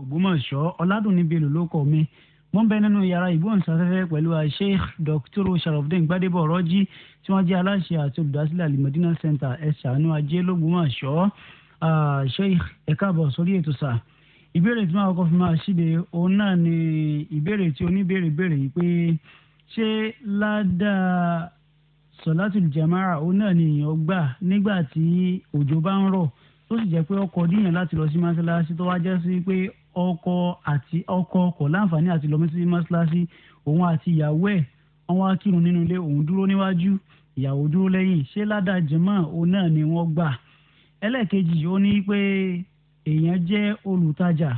ògbómọ̀ṣọ́ ọ̀làdùnní bello ló kọ́ mi wọ́n bẹ nínú yàrá ìgbóhùnsáfẹ́fẹ́ pẹ̀lú sheikh dr sharafdin gbadebo ọ̀rọ́jì tí wọ́n jẹ́ aláṣẹ àti olùdásílẹ̀ alimọ̀dínà center ẹ̀sánú ajé lọ́gbọ́mọ̀ṣọ́ sheikh ẹ̀ka àbọ̀ sórí ètò sà ìbéèrè tí máa kọ́ fi máa ṣíde òun náà ni ìbéèrè tí oníbéèrè béèrè yìí pé ṣé ládàá sọ̀látù jama'a òun náà ni èèyàn gbà nígbà tí òjò bá ń rọ̀ tó sì jẹ́ pé ọkọ̀ díyàn láti lọ sí mọ́ṣáláṣí tó wá sí pé ọkọ àti ọkọ kò láǹfààní àti lọ́mọ sí mọ́ṣáláṣí òun àti ìyàwó ẹ̀ wọ́n wá kírun nínú ilé òun dúró níwájú ìyàwó dúró lẹ́yìn ṣé ládàá jẹ̀mọ́ òun náà ni wọ́n gbà ẹlẹ́ẹ̀kejì ó ní pé èèyàn jẹ́ olùtajà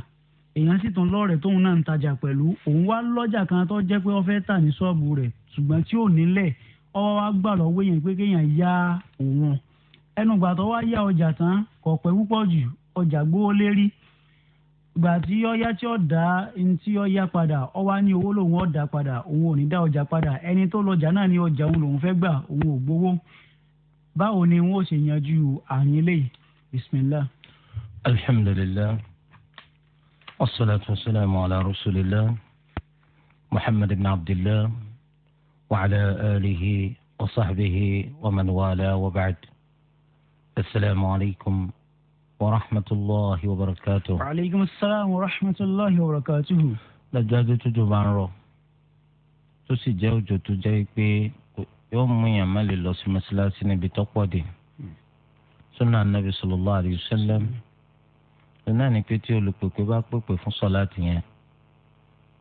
èèyàn sì tún lọ́ọ̀rẹ́ tóun náà ń tajà pẹ̀lú òun wá lọ́jà kan tó jẹ́ pé wọ́n fẹ́ tà ní ṣọ́ọ̀bù rẹ̀ ṣùgbọ́n tí ò nílẹ̀ ọwọ́ wa gbà lọ́wọ́ èèyàn pé kéèyàn ya òun ẹnu gbàtọ́ wá yá ọjà tán kọ̀ọ̀pẹ́ púpọ̀ jù ọjà gbówó lérí gbà tí ọyá tí ó dá tí ó yá padà ó wá ní owó lòun ó dá padà òun ò ní dá ọjà padà ẹni tó lọjà náà ní ọjà òun lòun fẹ́ gbà òun ò gbowó báwo ni wọn ò ṣe yanjú àárín eléyìí bismillah. alhamdulilayi wasalaatu wasalaamu ala rasulillah muhammad ibn abdillah wa ala alihi wa sahbihi wa man wa ba'd asalaamu As warahmatulahi wabarakatuh. aleykum salaam warahmatulahi wabarakatuh. dájúdájú tójú bá ń rọ tó sì jẹ́ òjò tó jẹ́ pé yóò mú yàn má lè lọ sí mọ́ṣáláṣí níbi tọ́pọ̀ dé sunna anabi sallallahu alayhi wa sallam sunna ni pé tí olùpèpè bá pèpè fún sọláàtì yẹn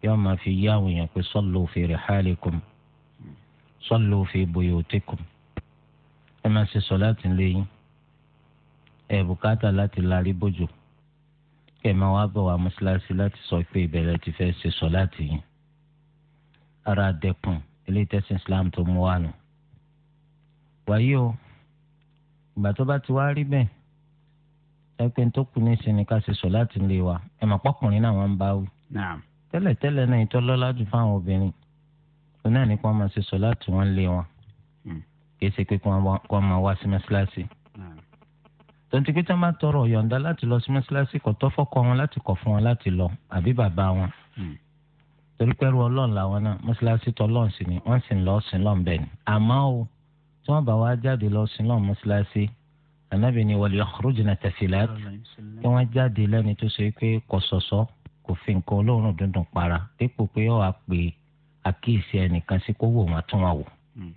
yóò máa fi yá àwọn èèyàn pé sallu fi rihalikum sallu fi buyutikum ẹ máa ṣe sọláàtì lẹ́yìn ẹ bùkátà láti larí bójú kẹ máa wá bọ̀ wá mọ́ṣáláṣí láti sọ pé ìbẹ̀rẹ̀ ti fẹ́ ṣe sọ láti yìn ara dẹkùn ilé tẹ̀sán islam tó mú wa nù. wàyí o ìgbà tó bá ti wá rí bẹ́ẹ̀ ẹgbẹ́ tó kù ní ìsinmi ká ṣe sọ láti lè wa ẹ mọ̀ pọ́kùnrin náà wọ́n ń bá wù. tẹ́lẹ̀tẹ́lẹ̀ náà ìtọ́lọ́lá jù fáwọn obìnrin òun náà ní ṣe sọ láti wọ́n lé wọn hmm. kì í ṣe pé kí wọ́n máa wá sí mọ́ṣáláṣí tonti pé tí wọn bá tọrọ yọ̀ǹda láti lọ sí mọ́ṣáláṣí kò tọ́ fọ́kọ wọn láti kọ̀ fún wọn láti lọ àbí bàbá wọn hmm. torí pẹ́rú ọlọ́run làwọn náà mọ́ṣáláṣí tọ́ lọ́run sí ni wọ́n sì ń lọ sí lọ́n bẹ́ẹ̀ ni àmọ́ o tí wọ́n bá wá jáde lọ sí lọ́n mọ́ṣáláṣí ànábì ni wal yakhrujna tafilat kí wọ́n jáde lẹ́ni tó ṣe pé kò sọ̀sọ́ kò fi nǹkan olóòórùn dundun para dípò pé ọ̀ àpè àkíyèsí ẹnìkan sí kó wò tún wọn wò hmm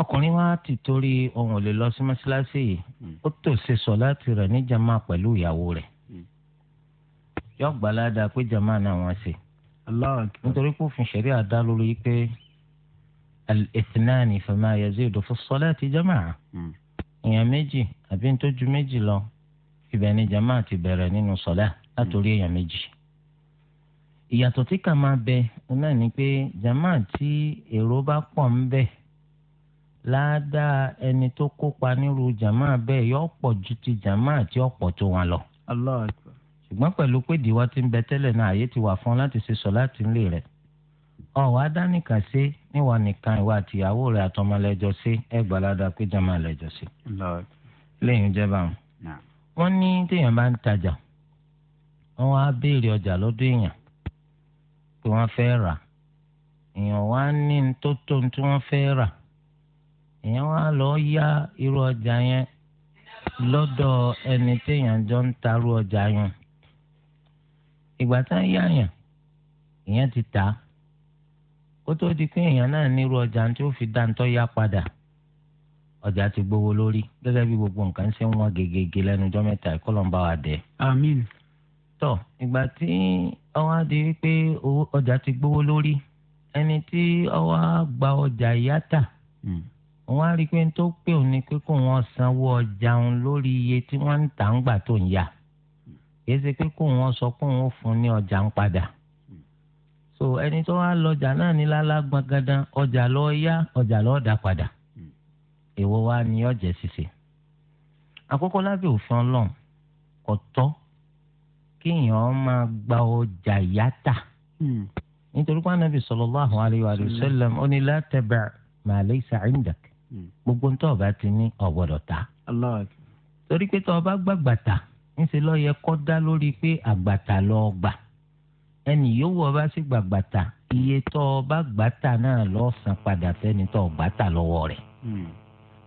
ọkùnrin wa ti torí ohun ò lè lọ sí mọ́ṣáláṣí yìí hmm. ó tò ṣe sọ láti rẹ̀ ní jama pẹ̀lú ìyàwó rẹ̀ hmm. yóò gbalada pé jama náà wọ́n ṣe nítorí pé òfin ṣẹ̀rí àdá lórí pé al-ithnani fama yazidu fi salati jama'a hmm. èèyàn méjì àbí ntójú méjì lọ ibẹ̀ ni jama ti bẹ̀rẹ̀ nínú sọ̀lá látòrí èèyàn méjì ìyàtọ̀ tí kà máa bẹ náà ni pé jama tí èrò bá pọ̀ ń bẹ́ẹ̀ láàdá ẹni tó kópa nírú jàmá bẹ́ẹ̀ yọ pọ̀ ju ti jàmá àti ọ̀pọ̀ tó wọn lọ. ṣùgbọ́n pẹ̀lú pé ìdíwọ́ ti ń bẹ tẹ́lẹ̀ náà àyè ti wà fún láti ṣe sọ láti ilé rẹ̀. ọ̀wá níwà nìkan ìwà àtìyàwó rẹ̀ àtọmọlẹ́jọ pé jàmá lẹ́jọ lẹ́yìn jẹ́ báwọn. wọ́n ní téèyàn bá ń tajà wọ́n wá béèrè ọjà èèyàn pé wọ́n rà èèyàn wá ní èèyàn wá lọ yá irú ọjà yẹn lọ́dọ̀ ẹni téèyàn jọ ń tarú ọjà yẹn ìgbà tá ń yá yàn èèyàn ti tà á ó tó di pé èèyàn náà nírú ọjà tí ó fi dáńtọ́ yá padà ọjà ti gbowó lórí gẹ́gẹ́ bí gbogbo nǹkan ṣe ń wọ́n gegege lẹ́nu ọjọ́ mẹ́ta kí Ọlọ́run dé. àmín. tọ ìgbà tí ọwọ́ á di wípé ọjà ti gbowó lórí ẹni tí ọwọ́ á gba ọjà ìyá tà. Hmm wọ́n á rí i pé tó pé òun ni pé kó wọ́n sanwó ọjà òun lórí iye tí wọ́n ń tà ń gbà tó ń yà kì í ṣe pé kó wọ́n sọ pé òun fún ní ọjà ń padà so ẹni tó wá lọ́jà náà ní lálágbọ́n gandan ọjà lọ yá ọjà lọ dá padà èwo wa ni ọjà ṣiṣẹ́ àkọ́kọ́ lábẹ́ òfin Ọlọ́run kò tọ́ kéèyàn máa gba ọjà yàtà hmm. nítorí pé Ànábì sallallahu alaihi wa sallam ó ní la tabi' ma gbogbo ń tọ́ ọba ti ní ọ̀gbọ́dọ̀ ta. torí pé tọ́ ọba gbàgbà ta ńṣe ló yẹ kó dá lórí pé àgbàtà lọ gbà ẹnì yòówù ọba sí gbàgbà ta iye tọ́ ọba gbàtà náà lọ san padà fẹ́ni tọ́ gbàtà lọ́wọ́ rẹ̀. Hmm.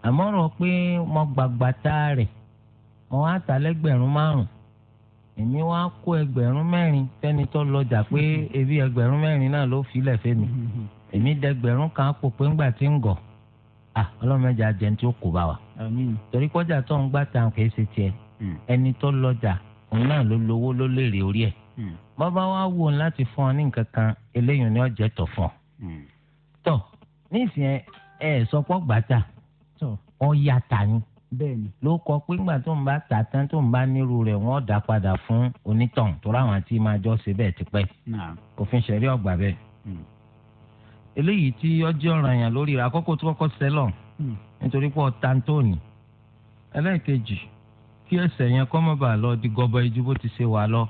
àmọ́ rọ pé mo gbàgbà ta rẹ̀ mo wá ta lẹ́gbẹ̀rún márùn-ún èmi wá kó ẹgbẹ̀rún mẹ́rin fẹ́ni tó lọ́jà pé hmm. ebi ẹgbẹ̀rún mẹ́rin náà ló filẹ̀ fẹ́mi hmm. èmi dẹgbẹ̀rún kan àpò pé ńgbà tí ń gọ̀ ah ọlọ́run mẹ́jọ ajẹ́ ní tí ó kó bá wa. torí kọjá tó ń gbà tán kìí ṣe tiẹ̀ hmm. ẹni tó lọ́jà òun náà ló lówó ló léèrè orí ẹ̀. Hmm. bàbá wa wò ń láti fún ọ ní nǹkan kan eléyìí ni ọ̀jẹ̀ tọ̀ fún ọ. Hmm. tọ nísìnyẹn ẹ ẹ sọpọ gbàtà ọ yà tà ni ló kọ pé ńgbà tó ń bá tà tán tó ń bá nírú rẹ̀ wọ́n dá padà fún onítàn tó ráwọn àti máa jọ ṣe bẹ́ẹ̀ tipẹ́ òfin ṣẹlẹ̀ ọgbà bẹ́ẹ̀ eléyìí tí ọjọ́ ọ̀ràn yàn lórí rẹ̀ àkọ́kọ́ tó kọ́kọ́ sẹ́lọ̀ hmm. nítorí pé ọ̀tá ń tó nì ẹlẹ́ẹ̀kejì kí ẹsẹ̀ yẹn kọ́ mọ́ bàa lọ di gọbọ ijú bó ti ṣe wà lọ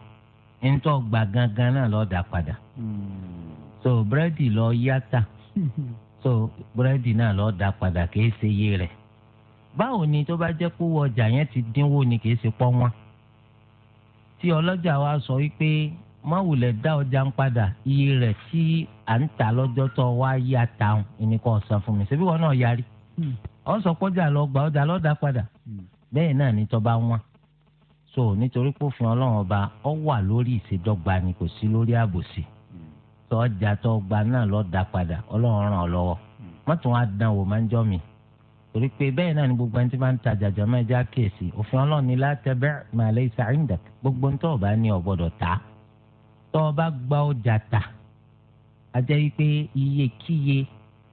ńtọ́ gbà gangan náà lọ́ọ́ dà padà hmm. so búrẹ́dì lọ yáta so búrẹ́dì náà lọ́ọ́ dà padà kì í ṣe iye rẹ̀ báwo ni tó bá jẹ́ pé ọjà yẹn ti dínwó ni kì í ṣe pọ́ wọn tí ọlọ́jà wa sọ wípé má wulẹ̀ dá ọjà ń padà iye rẹ̀ tí à ń tà lọ́jọ́ tó wá yí àtàwọn ìníkọ́ ọ̀sán fún mi ṣebí wọn náà yarí ọ̀ hmm. sọ pọ́jà lọ gba ọjà lọ́dà padà hmm. bẹ́ẹ̀ náà ní tọ́ba wọn so nítorí pófin ọlọ́run ọba ọ wà lórí ìṣèdọ́gba ni kò sí lórí àbòsí tó hmm. ọjà tó gba náà lọ́dà padà ọlọ́run ràn ọ́ lọ́wọ́ mọ́tò wọn á wò máa ń jọ́ mi torí pé bẹ́ẹ̀ náà ni gbogbo ẹni tí bá ń ta jàjà kíyèsí òfin ọlọ́run ni látẹ̀bẹ́ màálẹ́ ìsàrìndà gbogbo ń tọ́ ọ̀bá ní ọ̀gbọ́dọ̀ ta tọ́ ọ bá gba ọjà tà á jẹ́ wípé iyekíye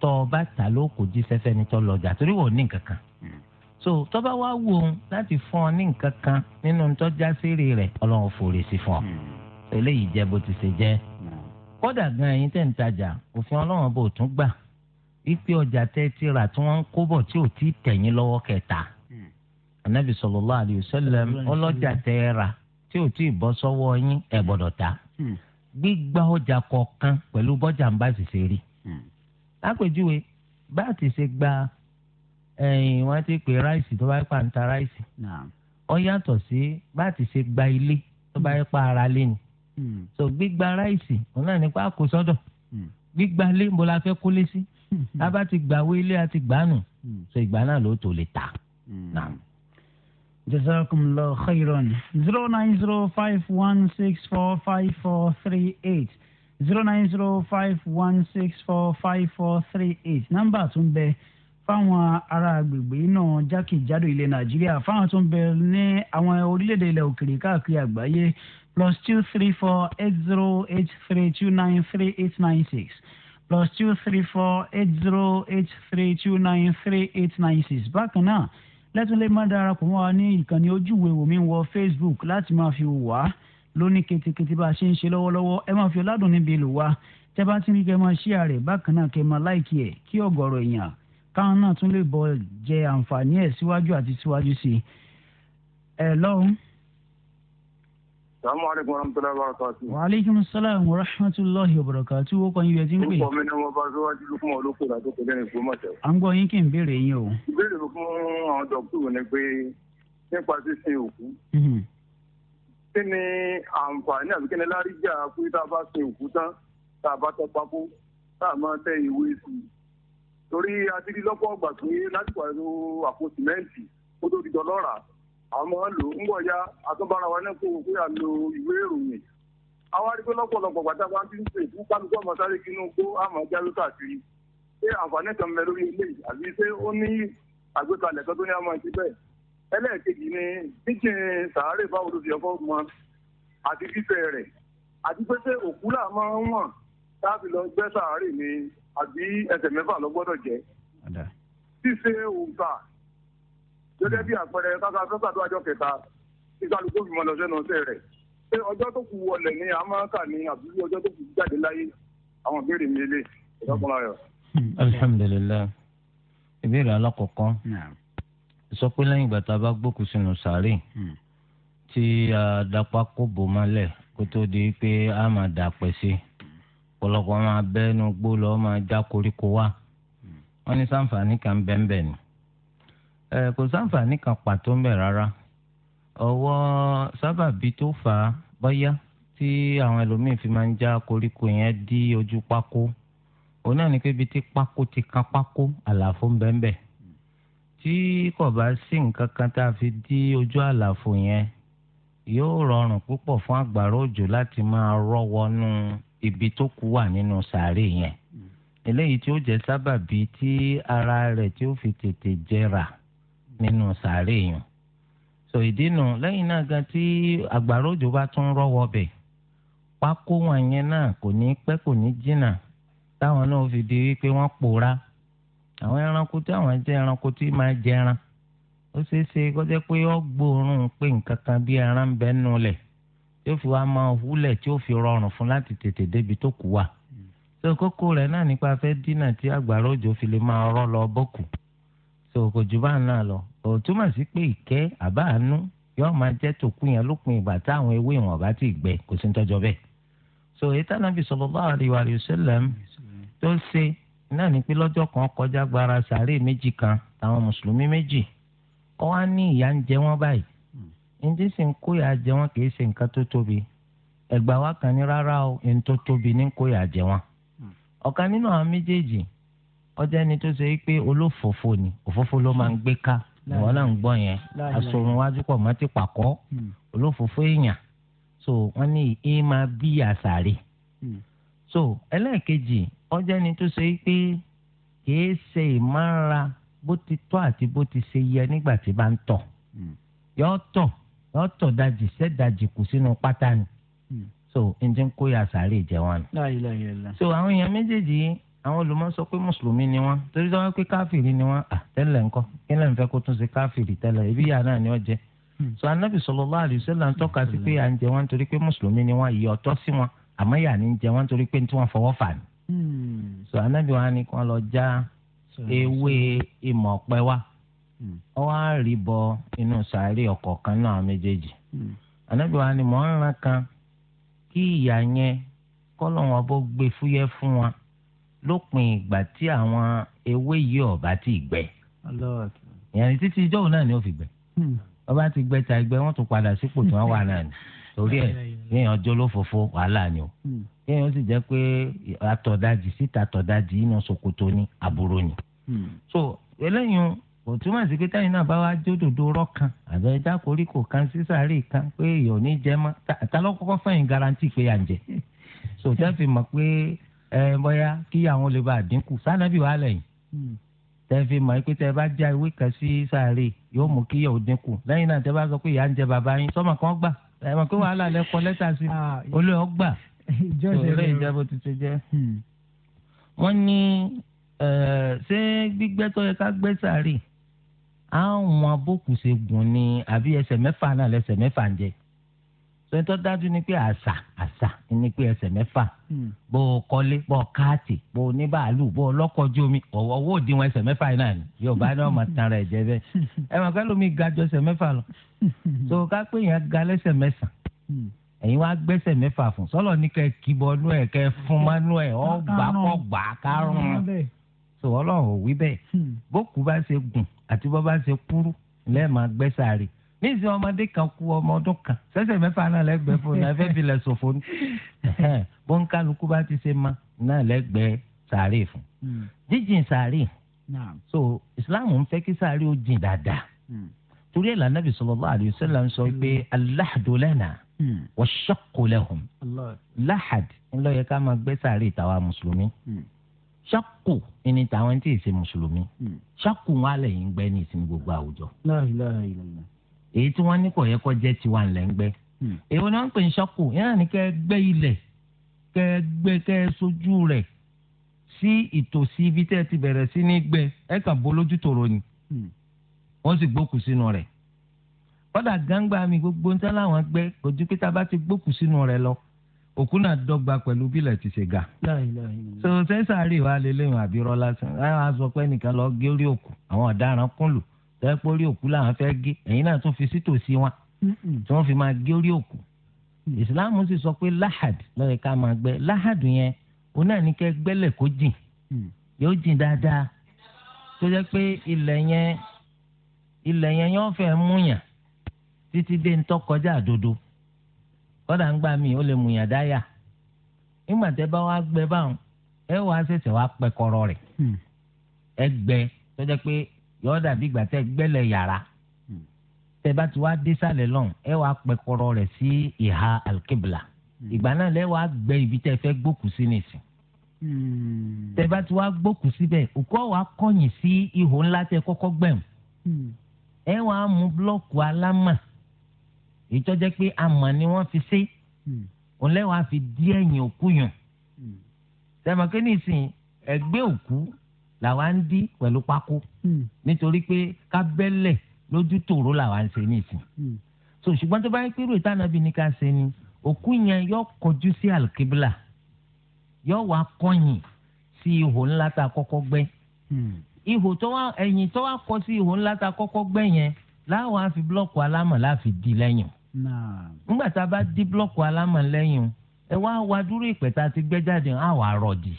tọ́ ọ bá tà ló kò jí sẹ́fẹ́ ni tọ́ lọ ọjà torí wọ́n ní nǹkan kan hmm. so tọ́ bá wá wò ó láti fún ọ ní nǹkan kan nínú tọ́já sírì rẹ̀ ọlọ́run fòrè sí fún ọ hmm. eléyìí jẹ́ bó ti ṣe jẹ́ hmm. kódà gan ẹ̀yin tẹ̀ ń tajà òfin ọlọ́run bò tún gbà wípé ọjà tẹ́ ti rà tí wọ́n ń kó bọ̀ tí ò tí ì tẹ̀yìn lọ́wọ́ kẹta anabi sallallahu alayhi wa sallam ọlọ́jà tẹ́ ra tí ò tí ì bọ́ sọ́wọ́ yín ẹ gbọ́dọ̀ ta Hmm. gbígba ọjà kọ̀ọ̀kan pẹ̀lú bọ́jà ń bá sì ṣe rí. Hmm. lápèjúwe bá a ti ṣe gba ẹ̀yìn wọn ti pè ráìsì tó bá yẹ pa ń ta ráìsì. ó yàtọ̀ sí bá a ti ṣe gba ilé tó bá yẹ pa ara lé ni. Hmm. so gbígba ráìsì òun náà nípa kò sọ́dọ̀ gbígba ilé ń bo la fẹ́ kólé sí. a bá ti gbàwé ilé a ti gbà nù. so ìgbà náà ló tó lè ta. Mm jazakumullahu khairan zero nine zero five one six four five four three eight zero nine zero five one six four five four three eight nọ́mbà tún bẹ fáwọn ará agbègbè náà jákèjádò ilẹ̀ nàìjíríà fáwọn tó ń bẹ ní àwọn orílẹ̀-èdè ilẹ̀ òkèèrè káàkiri àgbáyé plus two three four eight zero eight three two nine three eight nine six plus two three four eight zero eight three two nine three eight nine six bákan náà lẹ́túnlẹ́ má darapọ̀ mọ́ wa ní ìkànnì ojúwe wòmí wọ facebook láti máa fi wà á lóní ketekete bá a ṣe ń ṣe lọ́wọ́lọ́wọ́ ẹ máa fi ọ̀làdùn níbi ìlú wa tẹ́ bá ti ń rí kẹ́ máa ṣíà rẹ̀ bákan náà kẹ́ máa láìkí ẹ̀ kí ọ̀gọ̀rọ̀ èèyàn káwọn náà tún lè bọ̀ jẹ àǹfààní ẹ̀ síwájú àti síwájú sí i ẹ̀ lọ́hùn-ún salaamaleykum warahmatulahi wabarakatuh. waaleykum salaam wa rahmatulahi wa barakatuh wo kàn yíyẹ tí ń pè. orúkọ mi ni wọn bá síwájú lókun olóko láti kọjá ní ìfowópamọ́sẹ̀. à ń gbọ́ yín kí n béèrè yín o. ìbéèrè fún àwọn dọ́kítù ni pé nípa sísin òkú. Mhm. kí ni àǹfààní àbí kí ni láríjà pé tá a bá sin òkú tán tá a bá tọ́ pákó tá a máa tẹ ìwé sí i. torí adirí lọ́pọ̀ ọgbà pé lásìkò àkóso àmọ́ lò ń bọ̀ ya àtúbára wa ní kó o kó yà lo ìwé ìròyìn àwọn arígbé lọ́pọ̀lọpọ̀ pátápá ti ń pè fún kálukú ọmọ sáré kínú kó àmọ́ jáde káàkiri ṣé àǹfààní kan mẹ lórí ilé àbí ṣé ó ní àgbékalẹ̀ kan tó ní àmọ́ ìṣe bẹ́ẹ̀ ẹlẹ́ẹ̀kejì ni kíkìn sàárè báwo ló fi ọkọ mọ àti fífẹ́ rẹ̀ àti pé ṣé òkú là máa ń wọ̀n láti lọ gbẹ́ sàárè ni àbí ẹsẹ̀ mẹ́fà lọ gbọ́dọ̀ jẹ́ ṣíṣe òǹkà gẹ́gẹ́ bí àpẹẹrẹ káka fẹ́ gbàdúrà ọjọ́ kẹta kí kálukú fi mọ lọ sẹ́nu ọ̀sẹ̀ rẹ̀ pé ọjọ́ tó kù wọlé ni a máa ń kà ní àbí ọjọ́ tó kù jáde láyé àwọn ìbéèrè mi lè ìdọ́kùnrin ayọ̀. Hmm, alhamdulilayi ìbéèrè alákọ̀ọ́kọ́ sọ pé lẹ́yìn ìgbà tá a bá gbókùn sínú sàárè hmm. tí a dapá kó bò mọ́lẹ̀ kó tó di pé a máa dà pẹ́ sí ọ̀pọ̀lọpọ̀ máa bẹ́ẹ̀ nu gbó lọ́ọ́ máa já koríko wá hmm. wọ́n ní sáǹfààní kan bẹ́ẹ̀ bẹ́ẹ̀ ni. Mm kò sáǹfààní kan pàtó ń bẹ rárá ọwọ́ sábàbí tó fà á bọ́yá tí àwọn ẹlòmíín fi máa ń já koríko yẹn dí ojú pákó òun náà ní pé ibi tí pákó ti kan pákó àlàfo ń bẹ́ẹ̀ bẹ́ẹ̀ tí kò bá sí nǹkan kan tá a fi dí ojú àlàfo yẹn yóò rọrùn púpọ̀ fún àgbàrá òjò láti máa rọ́ wọnú ibi tó kù wà nínú sàárè yẹn eléyìí tí ó jẹ́ sábàbí tí ara rẹ̀ tí ó fi tètè jẹrà nínú sàárè yẹn so ìdínà lẹ́yìn náà gan tí àgbàrá òjò bá tún rọ́wọ́ bẹ̀ pákó wọn yẹn náà kò ní pẹ́ kò ní jìnnà táwọn náà fi di wípé wọ́n pòórá àwọn ẹranko tí àwọn jẹ́ ẹranko tí máa jẹran ó ṣeé ṣe kó jẹ́ pé ó gbóòórùn pé nǹkan kan bí ẹran ń bẹ nù lẹ̀ tí ó fi wá máa húlẹ̀ tí ó fi rọrùn fún láti tètè débi tó kù wà. so kókó rẹ náà nípa fẹ́ dínà tí àgbàrá òjò fi lè máa rọ́ lọ bọ́kù. so kò jù bá náà lọ kò túmọ̀ sí pé ìkẹ́ àbá àánú yóò máa jẹ́ tòkú yẹn lópin ìgbà táwọn ewé ìwọ̀n bá ti gbẹ kò sí tọ́jọ́ bẹ́ẹ̀. so ètò anábì sallallahu alaihi wa sallam tó ṣe náà ní pé lọ́jọ́ kan kọjá gbara sàárè méjì kan táwọn mùsùlùmí méjì ó wá ní ìyá ń jẹ wọ́n báyìí ǹjẹ́ sì ń kóyà jẹ wọ́n kì í ṣe nǹkan tó tóbi ẹgbàá wa kan ní rárá o ẹni tó tóbi ní kóyà jẹ wọ́n ọ̀kan nínú àwọn méjèèjì ọjọ́ ẹni tó ṣe pé olófòfò ni òfófó ló máa ń gbé ká wọn náà ń gbọ́ yẹn asorun wájú pọ̀ mọ́ ti pàkọ́ hmm. olófòfó èèyàn so wọ́n ní ẹ máa bí àṣàrí hmm. so ẹlẹ́ẹ̀kejì ọjọ́ ẹni tó ṣe pé kìí ṣe ìmára bó ti tọ́ àti bó ti ṣe yẹ nígbà tí bá ń tọ̀ hmm. yọ tọ̀ yọ tọ̀ dajì sẹ́dajì kù sínú pátá ni so ǹjẹ́ ń kó yà sàárè jẹ wọn. so àwọn èèyàn méjèèjì àwọn olùmọ̀ sọ pé mùsùlùmí ni wọ́n torí wọ́n pé káfìrí ni wọ́n tẹ́lẹ̀ ńkọ́ kí lẹ́yìn fẹ́ kó tún ṣe káfìrí tẹ́lẹ̀ ibi yà náà ni ó jẹ́ hmm. so anabi sallallahu alaihi wasallam ń tọ́ka sí pé à ń jẹ wọ́n torí pé mùsùlùmí ni wọ́n ìyà ọ̀tọ̀ sí wọn àmọ́ yà ní jẹ wọ́n torí pé tí wọ́n fọwọ́ fà ní. Hmm. so anabi wa ni kàn lọ já ewé ìmọ̀ wa ọ hmm. wá rí bọ inú sàárè ọ̀kọ̀ọ̀kan náà méjèèjì anabi wa ni mọ̀ ń ran kan kí ìyà yẹn kọ́ lópin ìgbà tí àwọn ewé yìí ọba ti gbẹ ìyẹn títí ìjọ náà ni ó fi gbẹ hmm. ọba ti gbẹ ta gbẹ wọn tún padà sípò tí wọn wà náà ni torí ẹ kéèyàn jóló fòfo wàhálà ni o hmm. kéèyàn sì jẹ pé àtọ̀dájì síta àtọ̀dájì inú ṣòkòtò ni àbúrò ni. Hmm. so eléyìí kò túmọ̀ sí pé táyìn náà bá wá jódòdó rọ́ọ̀kan àbẹ̀ ẹja koríko kan sísàárè kan pé èèyàn ò ní jẹ mọ́ ta ló kọ́kọ́ fẹ́yìn garanti pé à ń jẹ so tẹ́ fi mọ̀ pé ẹ bóyá kí àwọn lè bá àdínkù sànàbí wà lẹ́yìn hmm. tẹ fi mọ̀ pé tẹ bá já ìwé kan sí sáré yóò mú kí yóò dínkù lẹ́yìn náà tẹ bá sọ pé ìyá ń jẹ bàbá yín sọmọ kan gbà ẹ mọ̀ pé wàhálà lẹ kọ lẹ́tà sí olóyè ọgbà olóyè ìjẹbù tuntun jẹ. Hmm. wọ́n ní ṣé gbígbẹ́ tó yẹ ká gbẹ́ sáré àwọn abókùsẹ̀ gùn ni àbí ẹsẹ̀ mẹ́fà náà lẹ́sẹ̀ mẹ́fà ń jẹ sọ́ńtọ́ dájú ni pé àṣà àṣà ni pé ẹsẹ̀ mẹ́fà hmm. bó o kọ́lé bó o káàtì bó o ní bàálù bó o lọ́kọ̀ ojú omi ọ̀wọ́ owó òdiwọ̀n ẹsẹ̀ mẹ́fà yìí náà ni yorùbá ni wọ́n máa tan ara ẹ̀ jẹ bẹ́ẹ̀ ẹ máa kẹ́ lómi ga jọ ẹsẹ̀ mẹ́fà lọ tó o ká pé yẹn ga lẹ́sẹ̀ mẹ́sàn-án hmm. ẹ̀yin wá gbẹ́sẹ̀ mẹ́fà fún sọ́lọ́ ní kẹ́ kíbọnú ẹ̀ kẹ́ fún mánú ẹ̀ ọ́ gbà kọ́ gbà kárùn so ọlọ́run ò wí bẹ́ẹ̀ hmm. bó kú bá ṣe gùn àti bó bá ṣe kúrú lẹ́ẹ̀ máa gbẹ́sàárì níìsí ọmọdé kan kú ọmọ ọdún kan sẹsẹ mẹ́fà náà lẹgbẹẹ fún náà fẹẹ fi lẹ sọ fún bọńkálukú bá ti ṣe má náà lẹgbẹẹ sàárè fún hmm. jíjìn sàárè so islam ń fẹ́ kí sàárè ó jìn dáadáa hmm. torí ẹ̀ lànàbì sallallahu alayhi wa sallam sọ pé hmm. al-lahdu lana wa shaqqu lahum láhàd ńlọ yẹ ká máa gbé sàárè tàwa mùsùlùmí ṣakù ẹni tàwọn tí ì ṣe mùsùlùmí ṣakù wọn alẹ yìí ń gbẹ ní ìsinmi gbogbo àwùjọ èyí tí wọ́n ní kò yẹ kó jẹ́ tiwa ńlẹ̀ hmm. èyí ni wọ́n ń pè ní ṣọ́kù yẹn ni kẹ́ gbẹ́ ilẹ̀ kẹ́ gbẹ́ kẹ́ sojú rẹ̀ sí ìtòsí ibi tẹ́ ti bẹ̀rẹ̀ sí ní gbẹ́ ẹ kàn bó lójú tòrò ni hmm. wọ́n sì gbókù sínú rẹ̀ kọ́dà gángba mi gbogbo nǹkan láwọn gbẹ́ ojú pé tá a bá ti gbókù sínú rẹ̀ lọ òkú náà dọ́gba pẹ̀lú bílẹ̀ ti ṣe ga. so sẹ́sàárì wa lè léyìn àbí rọ́lá sàn á sọ pé nìkan lọ gé orí òkú àwọn ọ̀daràn kúnlù tẹ́pẹ́ orí òkú làwọn fẹ́ gé ẹ̀yin náà tún fi sítòsí wọn tí wọ́n fi máa gé orí òkú ìsìláàmù sì sọ pé láhàd lọ́yẹ̀ ká máa gbẹ́ láhàd yẹn òun náà ní kẹ́ gbẹ́lẹ̀ kó jìn mm. yóò jìn dáadáa tó jẹ́ pé ilẹ̀ yẹn ilẹ̀ yẹn yọ́n fẹ́ múyàn títí dé ń tọkọjá àdodo kọ́dà ń gbà mí ó lè múyàn dáyà nígbà tẹ́ bá wá gbẹ́ báwọn ẹ wàá sẹ̀sẹ̀ wá pẹ́ kọ́rọ́ rẹ̀ mm. ẹ gbẹ́ tó jẹ́ pé yọ dàbí ìgbà tẹ́ gbẹ́lẹ̀ yàrá hmm. tẹ́ bá ti wá dé sàlẹ̀ lọ́n ẹ wàá pẹkọrọ rẹ̀ sí ìhà alkebla hmm. ìgbà náà lẹ́ wàá gbẹ́ ibi tẹ́ fẹ́ gbókù sí nìsín hmm. tẹ́ bá ti wá gbókù síbẹ̀ òkú ọ̀ wàá kọ̀yìn sí ihò ńlá tẹ́ kọ́kọ́ gbẹ̀mù ẹ wàá mú blọ́ọ̀kù alámà ìtọ́jẹ́ pé amọ̀ ni wọ́n fi ṣe òun lẹ́wàá fi dí ẹ̀yìn òkú yàn tẹ́ kí nìsín ẹgbẹ́ òkú làwa ń dí pẹ̀lú pákó hmm. nítorí pé kábẹ́lẹ̀ lójú tòró làwa ń ṣe nìsín hmm. so ṣùgbọ́n tó bá yẹ kérò ìtànàbí ni ká ṣe ni òkú yẹn yóò kọjú sí alkibla yóò wá kọ̀yìn sí ihò ńlá tá a kọ́kọ́ gbẹ́ hmm. ihò tó wá ẹ̀yìn tó wá kọ sí ihò ńlá tá a kọ́kọ́ gbẹ́ yẹn láwọn á fi blọ́ọ̀kù alámọ̀ láfi di lẹ́yìn nígbà tá a bá di blọ́ọ̀kù alámọ̀ lẹ́yìn ẹ wá wá dúró ìpẹ́ta ti gbẹ́ jáde á wà di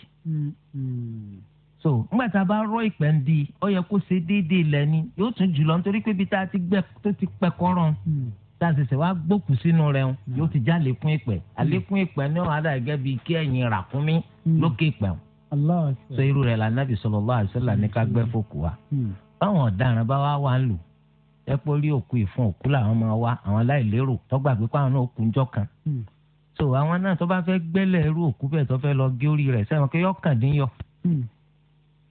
so ńgbà tá a bá rọ ìpẹ́ ń di ó yẹ kó ṣe déédéé lẹ́ni yóò tún jùlọ nítorí pé ibi tá a ti gbẹ tó ti pẹ kọ́rọ̀ hmm. tá a ṣẹ̀ṣẹ̀ wá gbókùn sínú rẹ̀ ń hmm. yóò ti já lékún ìpẹ́ hmm. àlékún ìpẹ́ ní ọ̀hún adágẹ́ bíi kí ẹ̀yìn ràkúnmí lókè ìpẹ́ ń. so irú rẹ̀ lànàbì sallallahu alaihi wasallam ní ká gbẹ́ fòkù wa báwọn ọ̀daràn bá wá wà ń lò ẹ pé orí òkú ìfún òkú làwọn máa wá àwọn so àwọn náà tó bá fẹ́ gbẹ́lẹ̀ irú òkú bẹ́ẹ̀ tó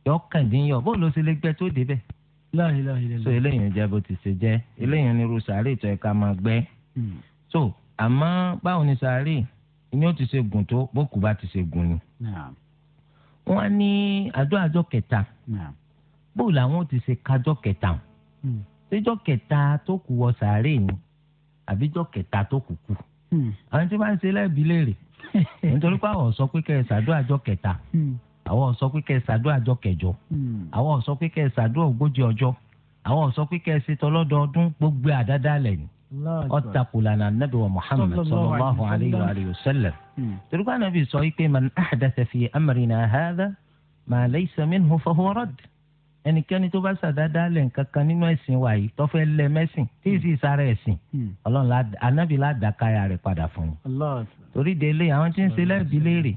yọkàndínyọ bó ló ṣe lè gbẹ tó débẹ̀. so eléyìí jẹ bó ti ṣe jẹ hmm. eléyìí ni irú sàárè tó yẹ ká máa gbẹ́. Hmm. so àmọ́ báwo ni sàárè ni ó ti ṣe gùn tó bókù bá ti ṣe gùn ni. wọ́n ní àjọ àjọ kẹta bó làwọn ti ṣe kájọ kẹta síjọ hmm. kẹta tó kù wọ sàárè ni àbíjọ kẹta tó kù kù. àwọn tí wọ́n bá ń ṣe lẹ́ẹ̀bí léèrè nítorí pé àwọn sọ pé kẹ́ àjọ kẹta. Hmm àwọn sọ pé kẹ́ ẹ ṣàdúrà àjọ kẹjọ hmm. àwọn sọ pé kẹ́ ẹ ṣàdúrà ogójì ọjọ́ àwọn sọ pé kẹ́ ẹ ṣe tọlọ́dọọdún gbogbo àdáda lẹ̀ ni ọ̀tàkùlànà nàbì wa muhammed sallallahu alayhi wa alihi wa sallam hmm. tìrúkà sọ pé man ahdatha fi amrina hadha ma laysa minhu fahuwa radd ẹnikẹ́ni tó bá ṣàdáda lẹ̀ kankan nínú ẹ̀sìn wa yìí tó fẹ́ mẹ́sìn tí sì sára ẹ̀sìn hmm. ọlọ́run anábì ládàkáyà rẹ̀ padà fún un torí délé àwọn tí ń ṣe lẹ́bi léèrè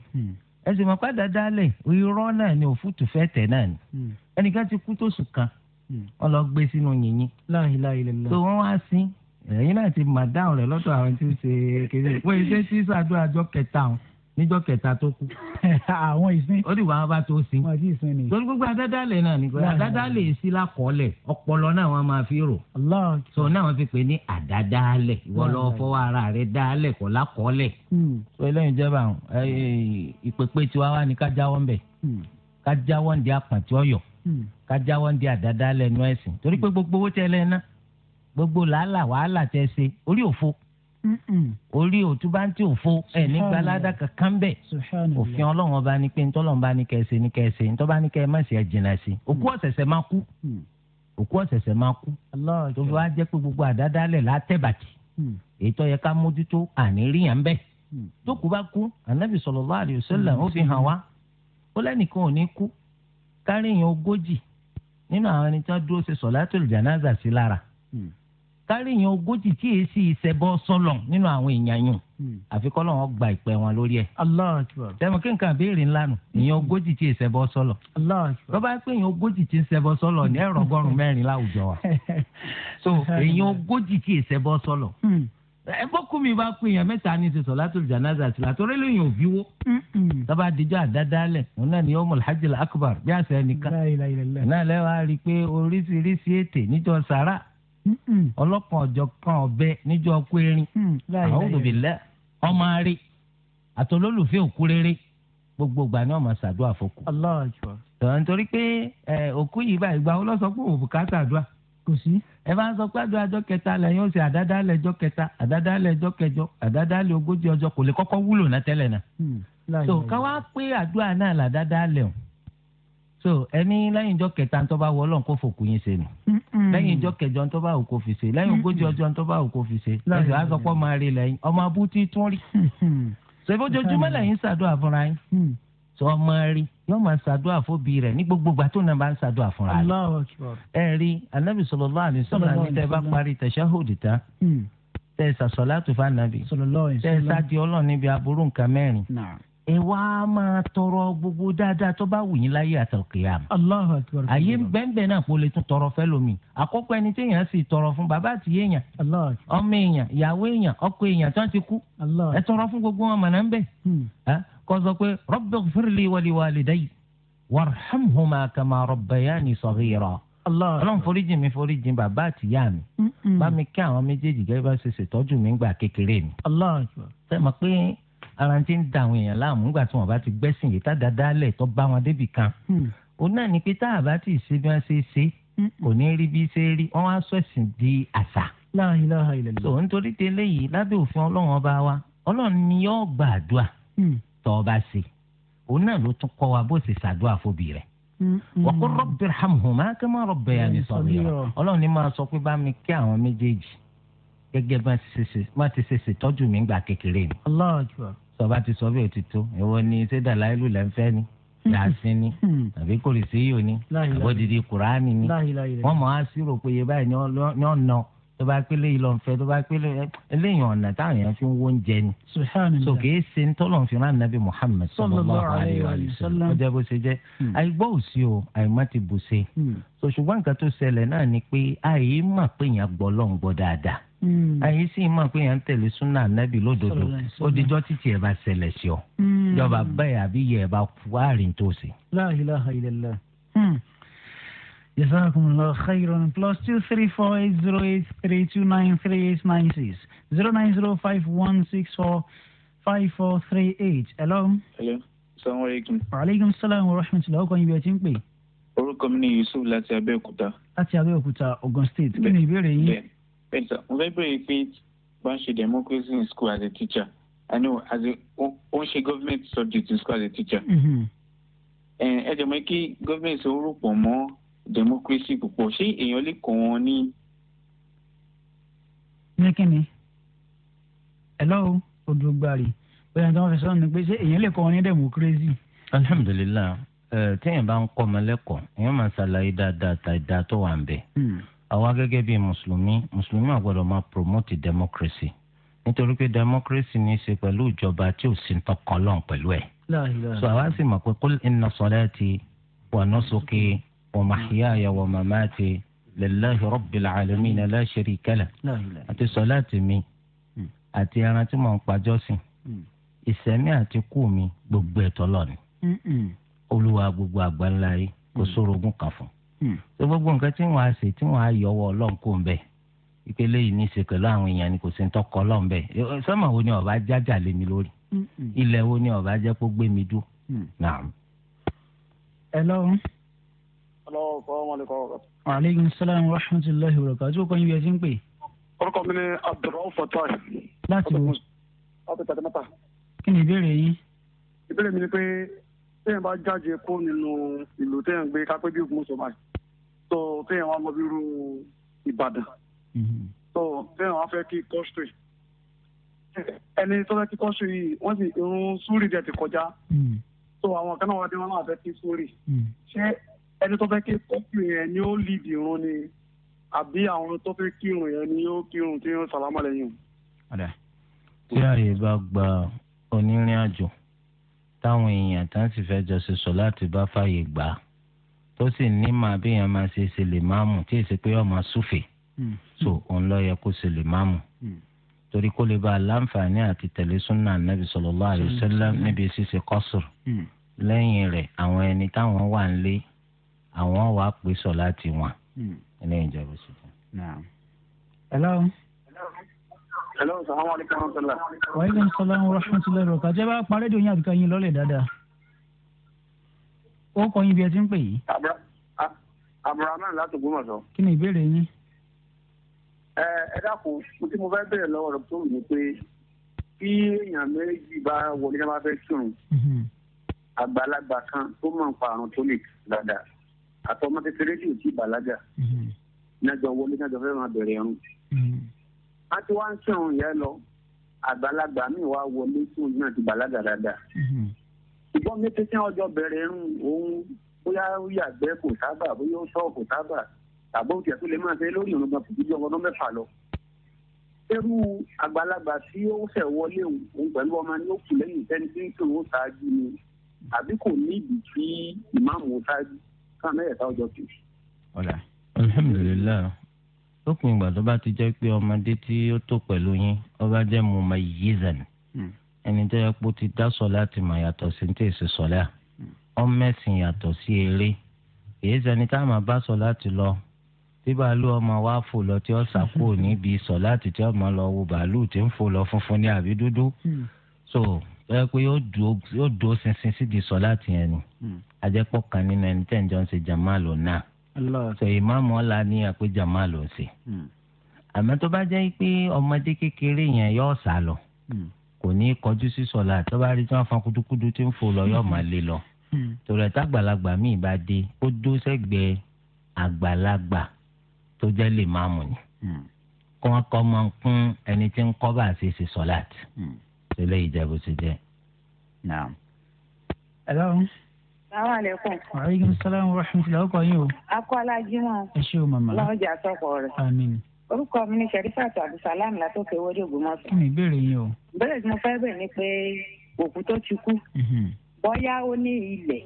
ẹsìn mọ̀ padà dálẹ̀ irọ́ náà ni òfútù fẹ́ tẹ̀ náà ni hmm. ẹnìkan ti kú tó sùn kan hmm. wọn lọ gbé sínú yìnyín tó wọn wá sí ẹ̀yìn náà ti mà dáhùn rẹ̀ lọ́dọ̀ àwọn tí ń ṣe kéde wọ́n ṣe tí sàdúrà àjọ kẹta ọ̀hún níjọ́ kẹta tó kú. àwọn ìsìn. ó dìbò àwọn bá tó sin. wọn ti sin ni. torí gbogbo adádálẹ̀ náà ni adádálẹ̀ sí lakọọlẹ̀ ọpọlọ náà wọn máa fi rò. so náà wọn fi pè ní àdádálẹ̀ ìwọ lọ fọwọ́ ara rẹ dálẹ̀ kọ́ lakọọlẹ̀. Hmm. so eléyìí jẹ́ báwọn ìpèpè tiwa wá ní ká jáwọ́ ń bẹ̀ hmm. ká jáwọ́ ń di apàtì ọ̀yọ́ hmm. ká jáwọ́ ń di àdádálẹ̀ nú ẹ̀sìn torí pé gbogbo owó orí òtúbántì òfo ẹ̀ nígbà ládàkà kan bẹ̀ òfin ọlọ́run ọba ni pé ntọ́lọ́run bá ní kẹsẹ̀ ní kẹsẹ̀ ntọ́ba ní kẹ́ ẹ má ṣe jìnnà sí mm. mm. òkú ọ̀sẹ̀sẹ̀ máa kú òkú ọ̀sẹ̀sẹ̀ máa kú tó fi wá jẹ́ pé gbogbo àdádálẹ̀ látẹ̀bàtì mm. ètò yẹ ká mójútó àníríyàn bẹ́ẹ̀ tó kú bá kú ànábì sallallahu alaihi wasallam ó fi hàn wá ó lẹ́nìkan ò ní kú káríyàn ogójì nínú àwọn ẹni tó dúró ṣe sọ̀látùl jánásà sí káríyàn ogójì tí èyí sì ṣẹbọ sọlọ nínú àwọn èèyàn yùn hmm. àfi kọ́ lọ́wọ́ gba ìpẹ́ wọn lórí ẹ̀. Allahu Akbar. sẹ́mi kí nǹkan béèrè ńlá nù ìyẹn hmm. ogójì tí èyí ṣẹbọ sọlọ. Allahu Akbar. pé ìyẹn ogójì tí ń ṣẹbọ sọlọ ní ẹ̀rọ ọgọ́rùn-ún láwùjọ wa. so ìyẹn ogójì tí èyí ṣẹbọ sọlọ. Hmm. ẹ bọ́kú mi bá pé èèyàn mẹ́ta ní ti solatul janaza àti látọ́rẹ́ lóyún òbí wo. sábà dijọ́ àdádálẹ̀ òun náà ni yomul hajjil akbar bí àṣẹ nìkan. náà lẹ́wọ̀ á rí i pé oríṣiríṣi ètè níjọ sàrà ọlọ́kan ọ̀jọ̀ kan ọ̀bẹ níjọ́ ọkọ erin àwọn lẹ ọmọ àárẹ̀ àtọlólùfẹ́ òkú rere gbogbo ìgbà ni ọmọ máa ṣàdúrà fọ́kù. tọ́wọ́n nítorí pé òkú yìí bá ìgbà wọn lọ pé òun bùkátà kò sí. ẹ bá ń sọ pé àdúrà ọjọ́ kẹta lẹ́yìn kò lè kọ́kọ́ wúlò náà tẹ́lẹ̀ náà. Mm. káwá pé àdúrà náà so ẹni lẹ́yìn ìjọ kẹta ń tọ́ba wọ ọlọ́run kó fòkù yín ṣe nù lẹ́yìn ìjọ kẹjọ ń tọ́ba òkò fi ṣe lẹ́yìn ogójì ọjọ́ ń tọ́ba òkò fi ṣe lẹ́yìn àzọpọ̀ máa rí lẹ́yìn ọmọ abúti tún rí ṣèbí ojoojúmọ́ lẹ́yìn ṣàdúrà fúnra yín mm. sọ ọmọ rí yóò máa ṣàdúrà fóbi rẹ̀ ní gbogbo ìgbà tó náà bá ń ṣàdúrà fúnra rẹ̀ ẹ rí anábì sallallahu alaihi wasallam ní tẹ́ bá parí tashahhudi tán mm. tẹ́ ṣàṣọlátù fún anábì tẹ́ ṣáàdì ọlọ́run ẹ wá máa tọrọ gbogbo dáadáa tó bá wù yín láyé àtọkìyàmù. Allahu Akbar. àyè bẹ́ẹ̀nbẹ́ẹ́ náà kò lè tún tọrọ fẹ́ lómi. àkọ́kọ́ ẹni téèyàn sì tọrọ fún bàbá àti èèyàn. Allahu Akbar. ọmọ èèyàn ìyàwó èèyàn ọkọ èèyàn tó ń ti kú. Allahu ẹ tọrọ fún gbogbo wọn mọ̀nà ń bẹ̀. Hmm. kó sọ pé rabbighfir li wa li walidayya warhamhuma ara ti ń da àwọn èèyàn láàmú nígbà tí wọn bá ti gbẹ́sìn yìí tá dáadáa lẹ̀ tó bá wọn débì kan òun hmm. náà ni pé tá a bá ti ṣe bí wọ́n ṣe ṣe hmm. kò ní rí bí ṣe rí wọ́n wá sọ ẹ̀sìn di àṣà. la ilaha illallah. so nítorí délé yìí lábẹ́ òfin ọlọ́run ọba wa ọlọ́run ni yóò gbàdúrà hmm. tọ́ ọba ṣe òun náà ló tún kọ́ wa bó ṣe ṣàdúrà fóbi rẹ̀ wọ́pọ̀ rọ́bì hàmùmá kí wọ́n rọ́bì yà ní sọ̀rọ̀ yìí ọlọ́run bá ti ṣe ṣètọ́jú mi gbà kékeré mi sọba ti sọ bí o ti tó ìwọ ni sẹdà láìlú lẹ́nfẹ́ ni yàásín ni tàbí kòrìsì yìí ni àbọ̀dìdì kùránì ni wọ́n mọ̀ á sírò pé iye báyìí ni ọ̀nà tó bá pélé yìí lọ fẹ́ tó bá pélé eléyìí ọ̀nà táwọn èèyàn fi ń wó oúnjẹ ni. so kì í ṣe ń tọ́lọ̀ fi rán nàbí Muhammad sallallahu alayhi wa sallam ọjọ́ bó ṣe jẹ́ hmm. àìgbọ́ òsì o àìmọ́ ti bù ṣe. Hmm. so ṣùgbọ́n nǹkan tó ṣẹlẹ̀ náà ni pé àyè mà pé èèyàn gbọ́ lọ́n gbọ́ dáadáa hmm. àyè sì mà pé èèyàn tẹ̀lé súnà nàbí lódodo ó dijọ́ títí ẹ̀ bá ṣẹlẹ̀ sí ọ. ìjọba bẹ́ẹ̀ àbí yẹ ẹ̀ bá wá rìn tó ṣe. la Jazakumullah khairan. Plus two three four eight zero eight three two nine three eight nine six zero nine zero five one six four five four three eight. Hello. Hello. Assalamu alaikum. Wa alaikum salaam wa rahmatullahi ọkọ ibi ẹ ti ń pè. Orúkọ mi ni Yusuf láti Abẹ́òkúta. Láti Abẹ́òkúta, Ogun State. Kí ni ìbéèrè yín? Bẹ́ẹ̀ bẹ́ẹ̀ sọ, mo fẹ́ bèrè pé bá ń ṣe democracy in school as a teacher. I know as a government subject in school as a teacher. Mm-hmm. Ẹ jẹ́ mọ́ kí government orúkọ mọ́ democracy púpọ̀ ṣé èèyàn lè kọ́ wọn ní. ní kíni hello odùgbàrì bóyá tí wọ́n fi sọ́nù pé ṣé èèyàn lè kọ́ wọn ní democracy. alhamdulilayi téèyàn bá ń kọ́ ọmọ lẹ́kọ̀ọ́ èèyàn máa ṣàlàyé dáadáa tàìdá tó wà ń bẹ̀. Hmm. àwa gẹ́gẹ́ bíi mùsùlùmí mùsùlùmí àgbọ̀dọ̀ máa promote democracy nítorí pé democracy ní í ṣe pẹ̀lú ìjọba tí ò sí tọkàn lọ́n pẹ̀lú ẹ̀. so àwa sì mọ̀ pé kul inna salati wa nusuki ومحياي ومماتي لله رب العالمين لا شريك له àti sọláàtì mi hmm. àti ẹran tí mò ń pàjọ́sìn hmm. ìsẹ̀mí àti الله mi gbogbo ẹ̀tọ́ lọ́ni hmm, olúwa gbogbo àgbáńlá yìí kò sórogún kan fún ṣé gbogbo nǹkan tí wọ́n á ṣe tí wọ́n á yọwọ́ ọlọ́run kò ń bẹ̀ ìpele yìí ní í ṣe pẹ̀lú àwọn èèyàn ni kò sí ń tọkọ ọlọ́run bẹ̀ sọ́mà wo ni ọba jájà lé mi lórí ilẹ̀ wo ni ọba jẹ́ kó gbé mi dúró. ẹ lọ́run aleykum salaam wa rahmatulahi wa barakatuh ojú kan yín bí ẹ ti ń pè. orúkọ mi ni abdulrahman fatai. láti wo. láti tàdámátà. kí ni ìbéèrè yín. ìbéèrè mi ni pé téèyàn bá jáde kó nínú ìlú téèyàn gbé kápẹ́ bí ògùn sọ báyìí tó téèyàn wá mọ bí irú ìbàdàn tó mm-hmm. téèyàn wá fẹ́ kí kọ́sítì ẹni tó fẹ́ kí kọ́sítì yìí wọ́n sì irun súrì dẹ̀ ti kọjá tó mm. àwọn kan náà wá dé wọn náà fẹ́ kí súrì mm. ṣé ẹni tó fẹ́ kí kọ́kùnrin yẹn ni ó lead irun ni àbí àwọn tó fẹ́ kírun yẹn ni ó kírun tí yóò sàlámà lẹ́yìn. padà tí ààyè bá gba onírìn àjò táwọn èèyàn tá sì fẹ́ jọ ṣe sọ láti bá fàyè gbà á tó sì ní màá bí èèyàn máa ṣe ṣe lè máa mú tí èsì pé ọmọ súfè hmm. so òun lọ yẹ kó ṣe lè máa mú hmm. torí kó lè bá a àti tẹ̀lé súnà nàbì sallallahu alaihi wasallam hmm. níbi ṣíṣe kọ́sùrù lẹ́yìn rẹ̀ àwọn ẹni táwọn wà ń lé àwọn wàá pè sọ láti wọn ẹlẹ́yìn ìjọba sí i. hello. hello salaamaleykum rahmatulah. waaleykum salaam wa rahmatulah rọ̀ká jẹ́ bá parí rédíò yín àbíká yín lọ́lẹ̀ dáadáa. ó kọ́ yín bí ẹ ti ń pè yìí. abdulrahman láti Ògbómọ̀ṣọ́. kí ni ìbéèrè yín. ẹ ẹ dákun mo tí mo fẹ́ bẹ̀rẹ̀ lọ́wọ́ rẹ̀ tó ní pé bí èèyàn méjì bá wọlé náà bá fẹ́ kírun mm-hmm. àgbàlagbà kan tó mọ̀ nípa àrùn tó lè dáadáa àtọmọ kékeré sì ti bàlágà mm-hmm. nájọ wọlé nájọ fẹẹ máa bẹ̀rẹ̀ ẹrùn mm-hmm. a ti wá ń sẹwọn yẹn lọ àgbàlagbà míì wá wọlé tóun náà ti bàlágà dáadáa mm-hmm. ṣùgbọ́n mi kékeré ọjọ́ bẹ̀rẹ̀ ẹrùn òun bóyá yàgbẹ́ kò sábà bóyá ó sọ kò sábà tàbí òkè tó lè máa fẹ́ lórí ìrùn gan kò ọdún mẹ́fà lọ irú àgbàlagbà tí ó fẹ́ wọlé òun pẹ̀lú ọmọ ní òkú lẹ́yìn tẹ́ni tí ń ṣáájú ni àbí kò ní ìdí tí ìmáàmù ṣáájú sáà mẹ́rẹ̀ẹ́ta ọjọ́ kì í. ọ̀la alhamdulilayi lópin ìgbà tó bá ti jẹ́ pé ọmọdé tí ó tó pẹ̀lú yín ó bá jẹ́ mumayyizan hmm. ẹni tó yẹ kó ti dá sọlá ti mà yàtọ̀ sí ní tèsí sọlá ọmẹsìn hmm. yàtọ̀ sí eré èyí sẹni tá a máa bá sọlá ti lọ tí bàálù ọmọ wa fò lọ tí ó sàkó níbi sọlá ti tí ọmọ lọ wo bàálù tí ń fò lọ funfun ní àbí dúdú hmm. so ẹ pé yóò dúró ṣinṣin sídìí sọlá ti yẹn ni ajẹ́pọ̀ kan nínú ẹni tẹ́ ń jọ ń ṣe jàmáàlù náà sọ ìmáàmù ọ̀la ní àpé jàmáàlù ń ṣe hmm. àmọ́ tó bá jẹ́ pé ọmọdé kékeré yẹn yóò sá lọ hmm. kò ní í kọjú sí sọ̀la tó bá rí tí wọ́n fa kudukudu tí ń fò lọ yóò máa lé lọ hmm. tòrẹ̀ tágbàlagbà míì bá dé ó dó sẹ́gbẹ̀ẹ́ àgbàlagbà tó jẹ́ lè máàmù ni kí wọ́n kọ́ máa kún ẹni tí ń kọ́ bá ṣe ṣe sọ̀la tì ṣe lè jẹ́ jẹ́. Hello salaamaleykum. aleykum salaam wa rahmatulah ọkọ yín o. akọ alájímọ. ẹ ṣé o màmá. lọ́jà sọ̀kọ̀ rẹ̀. àmín. orúkọ mi ni sẹ́rífàtì abdulsalam látòkè wọlé ògbómọ̀ṣọ́. kí ni ìbéèrè yín o. ìbéèrè tí mo fẹ́ bẹ̀ ni pé òkú tó ti kú. Mhm. bóyá ó ní ilẹ̀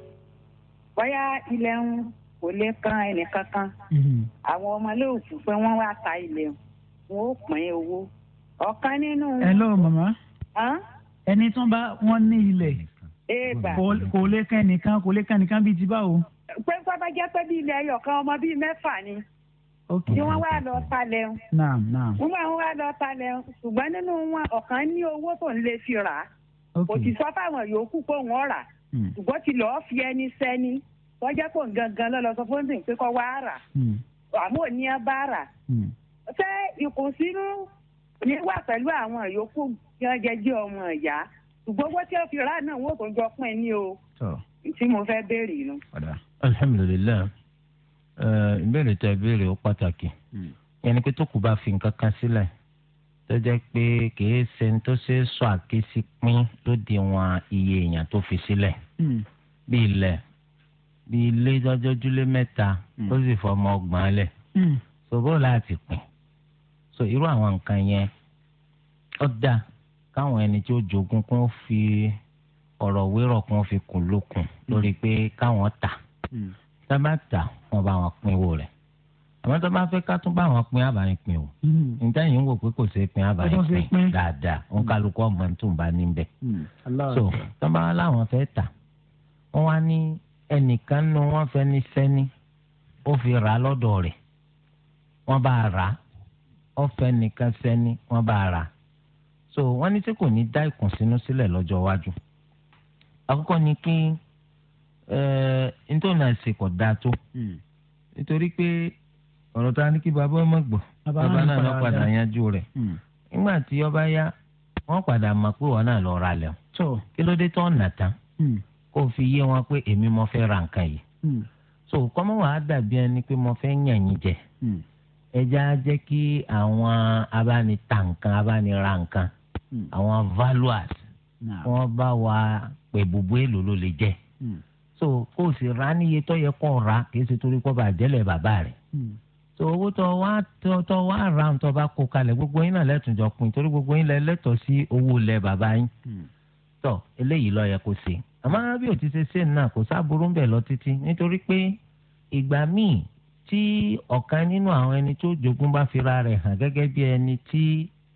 bóyá ilẹ̀ ń kò lè kan ẹnìkankan. Mhm. àwọn ọmọ lóòkù pé wọ́n wá ta ilẹ̀ wọn ó pín owó. ọ̀kan nínú. ẹ lọ́wọ́ màmá. ẹni tó bá wọn ní ilẹ̀ kò lè kàn nìkan kò lè kàn nìkan bíi ti báwo. pé pápá pé bíi ilẹ̀ ẹyọ kan ọmọ bíi mẹ́fà ni ni wọ́n wá lọ talẹ̀ ń. wọ́n máa ń wá lọ talẹ̀ ń ṣùgbọ́n nínú wọn ọ̀kan ní owó tó ń lè fi rà á kò sì sọ fáwọn yòókù pé òun ọ̀rà hmm. ṣùgbọ́n ti lọ́ọ́ fi ẹni sẹ́ni wọ́n jẹ́ pò ń gangan lọ́lọ́ sọ fún un pé kọ́ wá rà hmm. àmọ́ ò ní ẹ bá rà. Hmm. ṣé ìkùnsínú ni wà pẹ̀lú àwọn yòókù tí wọ́n jẹ́ ọmọ ìyá gbogbo tí o fi rà náà wọn kò jọ pín ní o tí mo fẹ́ béèrè nu. alhamdulilayi ìbéèrè tẹ ìbéèrè ó pàtàkì yẹnni hmm. pé tó kù bá fi nǹkan kan sílẹ̀ tó jẹ́ pé kìí ṣe tó ṣe sọ àkíyèsí pín tó di wọn iye èèyàn tó fi sílẹ̀ hmm. bí ilẹ̀ bí ilé jọjọ́júlé mẹ́ta hmm. ó sì fọmọ ọgbọ̀n lẹ̀ ṣòro láti pín so irú àwọn nǹkan yẹn ó dáa káwọn ẹni tí ó jogún kún fi ọ̀rọ̀ wérò kún fi kùn lókun lórí pé káwọn tà sábà hmm. tà wọn bá wọn pín owó rẹ̀ àmọ́ tó bá fẹ́ ká tún bá wọn pín àbáyín pín o hmm. níta yìí ń wò pé kò ṣeé pín àbáyín pín dáadáa òun kálukú ọmọ tó ń bá níbẹ̀ hmm. so tó bá wọn láwọn fẹ́ tà wọ́n wá ní ẹnìkan nu wọ́n fẹ́ ní sẹ́ni ó fi rà á lọ́dọ̀ rẹ̀ wọ́n bá rà á ọ̀fẹ́ nìkan sẹ́ni wọ́n bá rà á so wọn ní tí kò ní dá ìkùnsínú sílẹ̀ lọ́jọ́ iwájú àkọ́kọ́ ni pé nítorí náà ṣe kọ̀ dáa tó hmm. nítorí pé ọ̀rọ̀ ta ni kí bàbá ọmọ gbọ́ bàbá náà lọ padà yanjú rẹ̀ hmm. nígbà tí ọba yá padà pé wọ́n náà lọ ra hmm. fi yé wọn pé èmi mo fẹ́ ra nǹkan yìí so kọ́mọ́ wàá dàbí ẹni pé mo fẹ́ yàn jẹ ẹja jẹ́ kí àwọn abánira nǹkan Hmm. àwọn valuers wọ́n bá wa pè bùbú èlò ló lè jẹ́ hmm. so kó o sì ra níye tó yẹ kó o ra kì í ṣe torí kó bàa jẹ́lẹ̀ bàbá rẹ̀ hmm. so owó tó wá tó wá ra tó bá kó kalẹ̀ gbogbo yín náà lẹ́tùnjọ pin torí gbogbo yín lẹ́tọ̀ sí owó lẹ̀ bàbá yín tó eléyìí ló yẹ kó ṣe àmọ́ bí o ti ṣe ṣe náà kò sábúrú ń bẹ̀ lọ títí nítorí pé ìgbà míì tí ọ̀kan nínú àwọn ẹni tó jogún bá fira rẹ̀ hàn gẹ́gẹ́ bí ẹni tí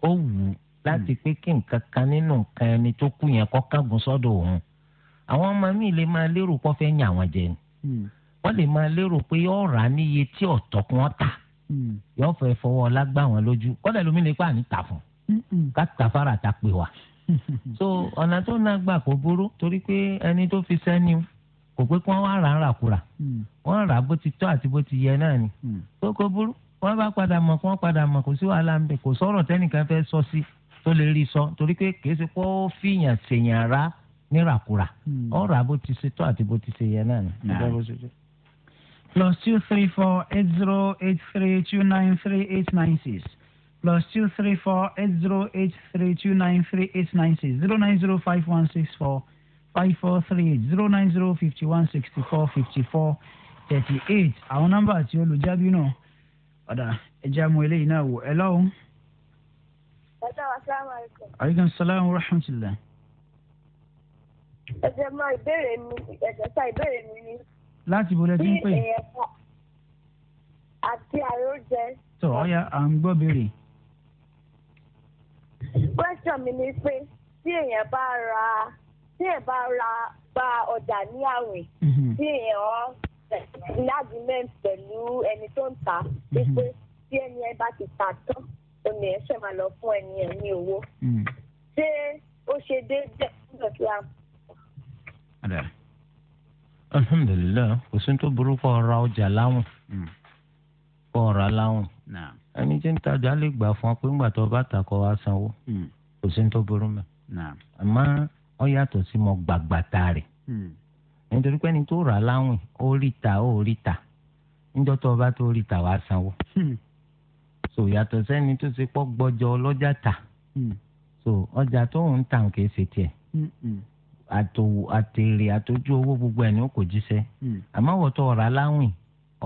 ó wù ú láti hmm. pé kí nǹkan kan nínú nǹkan ẹni tó kú yẹn kọ́ kágun sọ́dọ̀ òun àwọn ọmọ mi lè máa lérò pé fẹ́ yàn àwọn jẹ ni hmm. wọ́n lè máa lérò pé yóò rà níye tí ọ̀tọ̀ kan tà hmm. yóò fẹ́ fọwọ́ lágbá wọn lójú kọ́lẹ̀ lómi lè pa àní tà fún ká tàfàrà ta pè wá. so ọ̀nà tó náà gbà kó burú torí pé ẹni tó fi sẹ́ni kò pé kí wọ́n wá rà ń ràkúrà wọ́n rà bó ti tọ́ àti bó ti yẹ náà ni tó kó burú wọ́n bá padà mọ̀ kí wọ́n padà mọ̀ kò sí wàhálà ń kò sọ̀rọ̀ tẹ́nìkan fẹ́ sọ sí. So, tó lè rí sọ torí pé kìí ṣe pé ó fìyàn ṣèyàn hmm. rà nírakura ọ̀rọ̀ àbó ti ṣe tó àti bó ti ṣe yẹn náà ni. Hmm. plus two three four eight zero eight three two nine three eight nine six plus two three four eight zero eight three two nine three eight nine six zero nine zero five one six four five four three eight zero nine zero fifty one sixty four fifty four thirty eight àwọn nọ́mbà àti olùjábí náà ọ̀dà ẹ̀jẹ̀ àmọ́ eléyìí náà wò ẹ lọ́hùn-ún aleykum salaam wa rahmatulah. ẹ jẹ́ máa ìbéèrè mi ẹ̀jẹ̀ sá ìbéèrè mi ni. láti bo lẹ́tí ń pè. bí èèyàn kan àti àròjẹ. tó ọ̀ya à ń gbọ́ béèrè. question mi ni pé tí èèyàn bá ra tí èèyàn bá ra gba ọjà ní àwìn mhm. tí èèyàn ní argument pẹ̀lú ẹni tó ń ta pé mhm. tí ẹni ẹ bá ti ta tán olè ẹsẹ̀ máa lọ fún ẹni ẹ̀ ní owó. Hmm. ṣé ó ṣe déédéé nígbà tí a. alhamdulilayi kò sí tó burú kó ra ọjà láwìn hmm. kó ra láwìn ẹni tí ń tajà lè gbà fún ọ pé ńgbà tó bá tà kó wá sanwó hmm. kò sí tó burú mẹ àmọ́ ó yàtọ̀ sí mo gbàgbà ta rẹ̀ nítorí pé ẹni tó rà láwìn ó rí ta ó rí ta níjọ́ tó bá tó rí ta wá sanwó. so yàtọ̀ sẹ́ni tó ṣe pọ́ gbọ́jọ ọlọ́jà tà hmm. so ọjà tó ń tà kìí ṣe tiẹ̀ hmm, hmm. àtèrè àtòjú owó gbogbo ẹ̀ ni ó kò jíṣẹ́ àmọ́ wọ́n ọ̀rá láwìn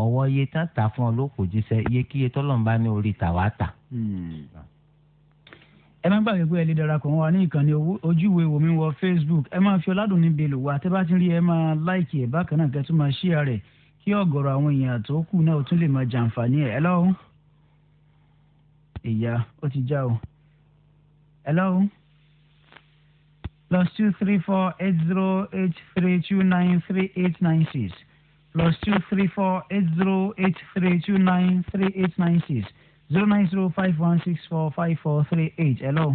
ọ̀wọ́ iye tá tà fún ọ ló kò jíṣẹ́ iye kí tọ́lọ̀ ń ní orí tà wá tà. ẹ má gbàgbé pé ẹ lè darapọ̀ mi wọ Facebook ẹ máa fi ọ̀làdùn níbi wa tẹ́ bá ti rí ẹ máa láìkì ẹ̀ bákan náà kẹ́ máa kí ìyá ó ti já o. hello plus two three four eight zero eight three two nine three eight nine six plus two three four eight zero eight three two nine three eight nine six zero nine zero five one six four five four three eight hello.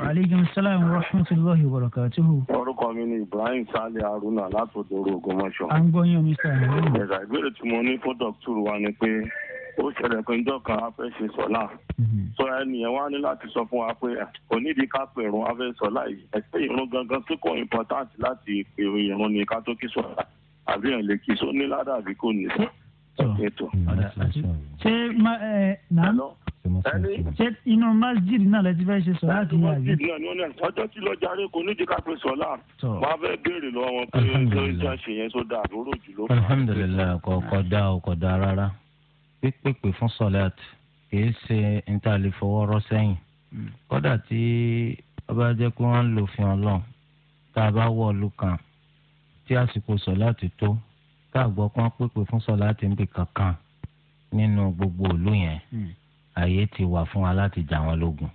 Aleykum salaam wa rahmatulahi wa barakatuhu. Orúkọ mi ni Ibrahim Sale Haruna látòdòrò Ògbómọ̀ṣọ́. À ń gbọ́ yín omi sáà. Ìbéèrè tí mo ní fún Dr. wa ni pé ó ṣẹlẹ̀ pé ńjọ́ kan a fẹ́ ṣe sọ́lá mm-hmm. sọ ẹnìyẹn wá ní láti sọ fún wa pé kò ká pè irun a fẹ́ sọ́lá yìí ẹ̀sẹ̀ irun gangan tí kò important láti pè irun ní ká tó kí sọ́lá àbí ẹ̀ lè kí só ní ládàá àbí kò ní sí. ṣé ṣe inú masjid náà lẹ ti fẹ́ ṣe sọ́lá ti yà masjid náà ni wọ́n ní ọjọ́ tí lọ jàre kò ní jìkà pé sọ́lá wàá fẹ́ béèrè lọ́wọ́ pé ṣé ṣe yẹn sódà lóró jù alhamdulilayi kò kọ da o kò da rárá pípèpè fún sọ̀láàt kìí ṣe níta lè fọwọ́ rọ́ sẹ́yìn mm. kódà tí ó bá jẹ́ pé wọ́n ń lò fi ọlọ́run tá a bá wọ̀ ọ̀lú kan tí àsìkò sọ̀láàt tó tá a gbọ́ pé wọ́n pèpè fún sọ̀láàt ń kankan nínú gbogbo ìlú yẹn mm. ààyè ti wà fún wa láti jà wọn lógun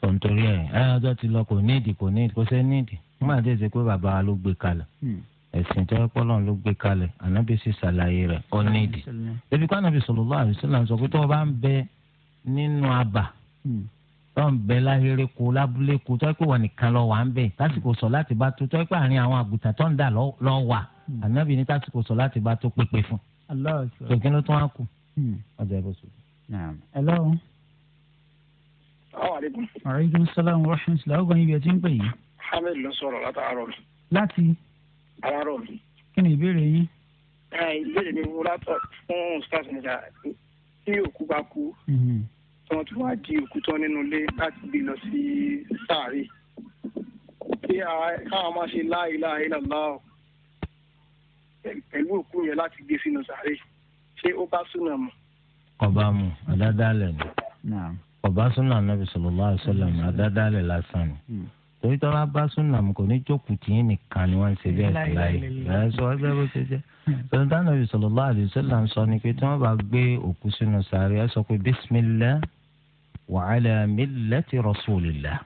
tòǹtòrí ẹ̀ ẹ̀ ọjọ́ ti lọ kò nídìí kò nídìí kò sẹ́ nídìí nígbà tí èsì pé bàbá wa ló gbé kalẹ̀. Mm ẹ̀sìn tó ń pọ́ lọ́n ló gbé kalẹ̀ ànábì sì ṣàlàyé rẹ̀ ó ní ìdí. ebi kó ànábì sallallahu alaihi wasallam sọ pé tó o bá ń bẹ nínú abà hmm. tó ń bẹ láhéré ko lábúlé ko tó yẹ pé wọn nìkan lọ wà ń bẹ tásìkò sọ láti bá tó tó yẹ pé àárín àwọn àgùntàn tó ń dà lọ wà hmm. ànábì ní tásìkò sọ láti bá tó pépè fún. tòkín ló tún á kù. ọjà ẹ bó so. ẹ lọ́wọ́. aleykum salaam wa rahmatulah ọgbọ̀n ibi ẹ ti ń pè yín. hamid ló alárò mi. kí ni ìbéèrè yín. ẹ ìbéèrè mi wúra tọ fún stars nìjà tí òkú bá kú mm-hmm. tí wọ́n ti wá di òkú tán nínú ilé láti gbé lọ sí sàárè kí káwọn máa ṣe la ilaha illallah pẹ̀lú òkú yẹn láti gbé sínú sàárè ṣé ó bá súnà mu. ọba mu àdádálẹ̀ ni ọba súnà nàbì sallallahu alaihi wasallam àdádálẹ̀ lásán ni. Mm torí tí wọn bá súnà kò ní jókòó tìyín nìkan ni wọn ń ṣe bẹ́ẹ̀ sí láyé ẹ sọ ẹgbẹ bó ṣe jẹ sọdọdà nàbì sallallahu alaihi wasallam sọ ni pé tí wọn bá gbé òkú sínú sàárè ẹ sọ pé bismillah wa ala millati rasulillah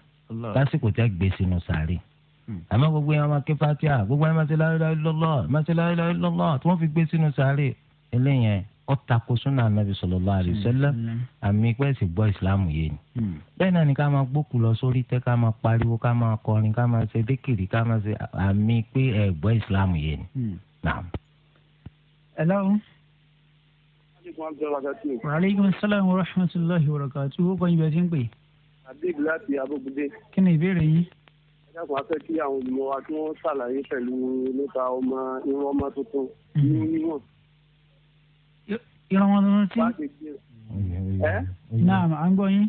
lásìkò tí a gbé sínú sàárè hmm. àmọ́ gbogbo yẹn máa ké fatia gbogbo yẹn máa ṣe la ilaha illallah máa ṣe la ilaha illallah tí wọn fi gbé sínú sàárè eléyẹn ọ̀tako súnà nàbì sallallahu alaihi wasallam àmì pẹ́ẹ́sì gbọ́ ìsìláàmù yé ni. Hmm. bẹ́ẹ̀ náà ni ká máa gbókù lọ sórí tẹ́ ká máa pariwo ká máa kọrin ká máa ṣe dékìrì ká máa ṣe àmì pé ẹ̀ gbọ́ ìsìláàmù yé ni. Hmm. hello. aleykum salaam wa rahmatulahi wa barakatu owó kan ibẹ̀ ti ń pè. abib láti abókúndé. kí ni ìbéèrè yín. ẹ dákun afẹ́ kí àwọn olùmọ̀ wa kí wọ́n ṣàlàyé pẹ̀lú nípa ọmọ irun ọmọ tuntun hmm. ní ìran wọn tuntun tí. náà à ń gbọ́ yín.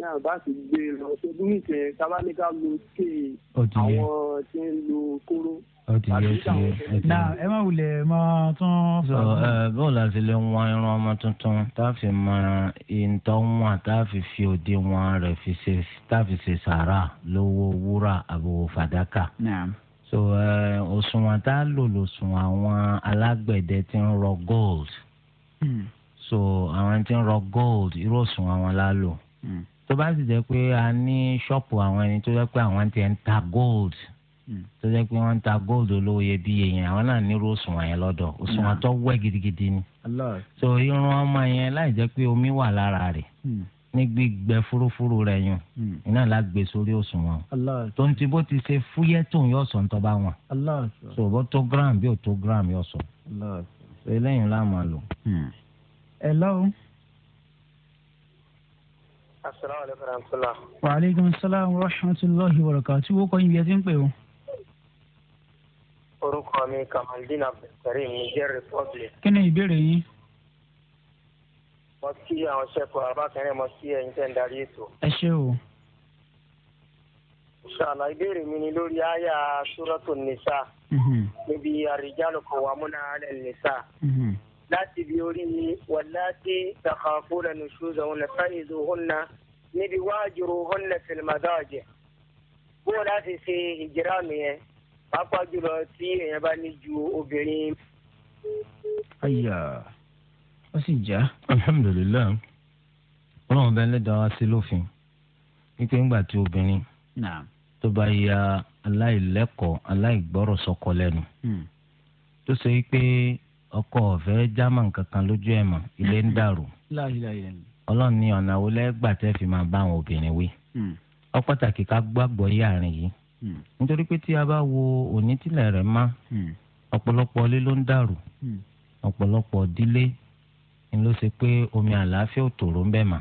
náà bá ti gbé e lọ ṣojú nìkẹ́ kábáníkà lo ké àwọn tí ń lo kóró ó ti yé ó ti yé. na ẹ má wulẹ̀ mọ tún sọ. bó la ti lè wọn irun ọmọ tuntun tá a fi mọ ìtọ́ wọn tá a fi fi òde wọn rẹ̀ fi ṣe tá a fi ṣe sàrà lówó wúrà àbò fàdákà. so òṣùwọ̀n tá a lò lòṣùwọ̀n àwọn alágbẹ̀dẹ tí ń rọ gold. Hmm. so àwọn tí ń rọ gold irú òsùn àwọn la lò hmm. tó bá sì jẹ́ pé a ní ṣọ́ọ̀pù àwọn ẹni tó jẹ́ pé àwọn tí ń ta gold hmm. tó jẹ́ pé wọ́n ń ta gold olówó iyebíye yẹn àwọn náà nírú òsùn wọn yẹn lọ́dọ̀ òsùn wọn tó wẹ́ gidigidi ni so irun ọmọ yẹn láì jẹ́ pé omi wà lára rẹ̀ ní gbígbẹ fúrúfúrú rẹ̀ yùn iná la gbé sórí òsùn wọn tó ń ti bó ti ṣe fúyẹ́ tó ń yọ̀ sọ̀ ń tọ́ bá wọn so bó tó gram bí ó tó gram yọ̀ sọ̀ sọ eléyìí la máa lò. Hmm. hello. asalaamualeykum rahmatulah. wa aleykum salaam wa rahmatulahi wa barakatuh wo kọ́ ibi ẹ ti ń pè o. orúkọ mi kamaldeen abdulkareem niger republic. kí ni ìbéèrè yín. mo kí àwọn sẹ́kọ̀ọ́ abákẹ́rẹ́ mo kí ẹ̀yin tẹ́ ń darí ètò. ẹ ṣé o. inshallah ìbéèrè mi ni lórí àyà sóràtò nìsa. Mm-hmm. níbi àríjálù kan wà múna alẹ́ nìsa mm-hmm. láti bí orí ni wàláti takàfúnà nùsùzà wọn fáìlú hùnà níbi wájúrò hùnà fìlmàdájẹ bó láti ṣe ìjìrá mi yẹn pàápàá jùlọ tí èèyàn bá ní ju obìnrin. ayà ó sì já. alhamdulilayi ọlọ́run bẹ́ẹ̀ lẹ́dàá wá sí lófin wípé tí obìnrin tó bá ya. aláìlẹ́kọ̀ọ́ aláìgbọ́rọ̀ sọ́kọ lẹ́nu hmm. tó ṣe pé ọkọ ọ̀fẹ́ german kankan lójú ẹ̀ mọ̀ ilé ń dàrú ọlọ́run ní ọ̀nà wo lẹ́gbà tẹ́ fi máa bá àwọn obìnrin wí ọ hmm. pàtàkì ká gbàgbọ́ yé àárín yìí hmm. nítorí pé tí a bá wo onítìlẹ̀ rẹ̀ má ọ̀pọ̀lọpọ̀ ilé ló ń dàrú ọ̀pọ̀lọpọ̀ ló ṣe pé omi àlàáfíà ò tòrò ń bẹ̀ mà.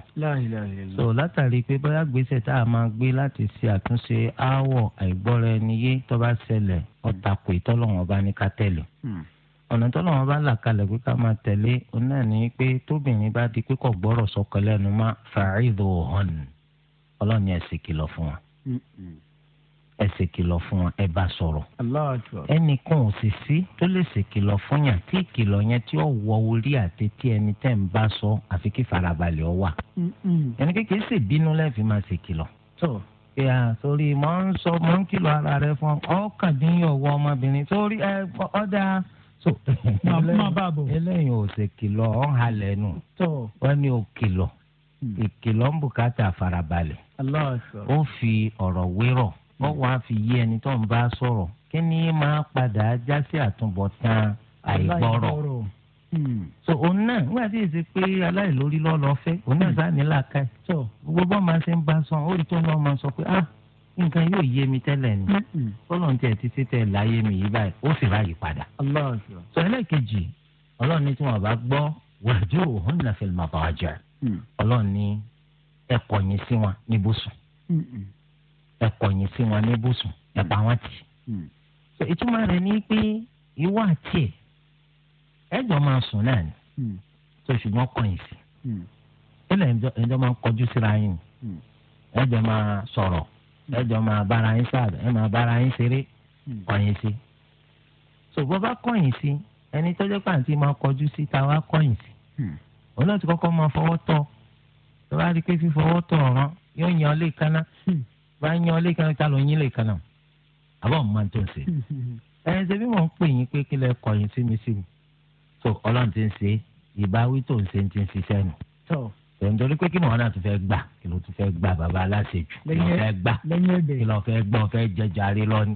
so látàrí pé bóyá gbèsè tá a máa gbé láti ṣe àtúnṣe aáwọ̀ àìgbọ́ra ẹni yé tó bá ṣẹlẹ̀ ọ̀tàkù ìtọ́lọ́wọ́n bá ní ká tẹ̀lé hmm. ọ̀nà tọ́lọ́wọ́n bá là kalẹ̀ pé ká máa tẹ̀lé òun náà ní pé tóbìnrin bá di pé kò gbọ́rọ̀ sọkọ lẹ́nu má fàáìdò hàn ọlọ́ọ̀ni ẹ̀sìn kìlọ̀ fún wa. Hmm, hmm ẹ ṣèkìlọ̀ fún wọn ẹ bá sọ̀rọ̀. ẹnìkan ò sì sí tó lè ṣèkìlọ̀ fún yàn tí ìkìlọ̀ yẹn tí ó wọ orí àti tí ẹni tẹ́ ń bá sọ àfi kí farabalẹ̀ ọ wà. ẹni kékeré sì bínú lẹ́ẹ̀fì máa ṣèkìlọ̀. pé à sórí mò ń sọ mò ń kìlọ̀ ara rẹ fún ọkàndínlọ́wọ́ ọmọbìnrin sórí ọ̀dà so eléyìí ò ṣe kìlọ̀ ọ̀ ń halẹ̀ nù wọ́n ní o kìlọ̀ mm. ìkìlọ̀ ń bùkátà farabalẹ̀ ó fi ọ̀rọ̀ wérọ̀ wọ́n wá fi yé ẹni tó ń bá sọ̀rọ̀ kí ni máa padà já sí àtúbọ̀tán àìgbọ́rọ̀ hmm. so òun náà nígbà tí èsì pé aláìlórí lọ́lọ́ fẹ́ òun náà sá ní làákàyè gbogbo máa ṣe ń bá sọ ó rí tó náà máa sọ pé ah nǹkan yóò yé mi tẹ́lẹ̀ ni hmm. ọlọ́run tẹ̀ títí tẹ̀ láyé mi yí báyìí ó sì ráàyè padà. sọ ẹlẹ́ẹ̀kejì ọlọ́run ní tí wọ́n bá gbọ́ wàjú òun náà fẹ́ lọ́ọ́ bá wa jẹ́ ọlọ́run ní ẹ̀kọ́ yín sí wọn níbùsùn. Hmm. ẹ kọ̀yìn sí wọn ní bùsùn ẹ pa wọn tì. Hmm. ìtumọ̀ rẹ̀ ni pé ìwọ àti ẹ̀ ẹ jọ máa sùn náà ni tó hmm. ṣùgbọ́n kọ̀yìn sí hmm. ẹ lẹ́yìn ẹjọ́ máa kọjú síra yín ẹ jọ máa sọ̀rọ̀ ẹ jọ máa bára yín sáàbẹ̀ ẹ máa bára yín ṣeré sí. ṣùgbọ́n bá sí ẹni tọ́jọ́ pàǹtí máa lè kaná bá yan ilé kan ta ló yín lè kan náà àbọ̀ máa ń tó ń ṣe. ẹ̀yin ṣe bí mò ń pè yín pé kí lẹ kọ̀yìn sí mi sí mi tó ọlọ́run ti ń ṣe ìbáwí tó ń ṣe ti ń ṣiṣẹ́ nù. tòǹdórí pé kí mò ń náà tún fẹ́ gbà kí ló tún fẹ́ gbà bàbá aláṣejù kí ló fẹ́ gbà kí ló fẹ́ gbọ́ fẹ́ jẹjàre lọ́ni.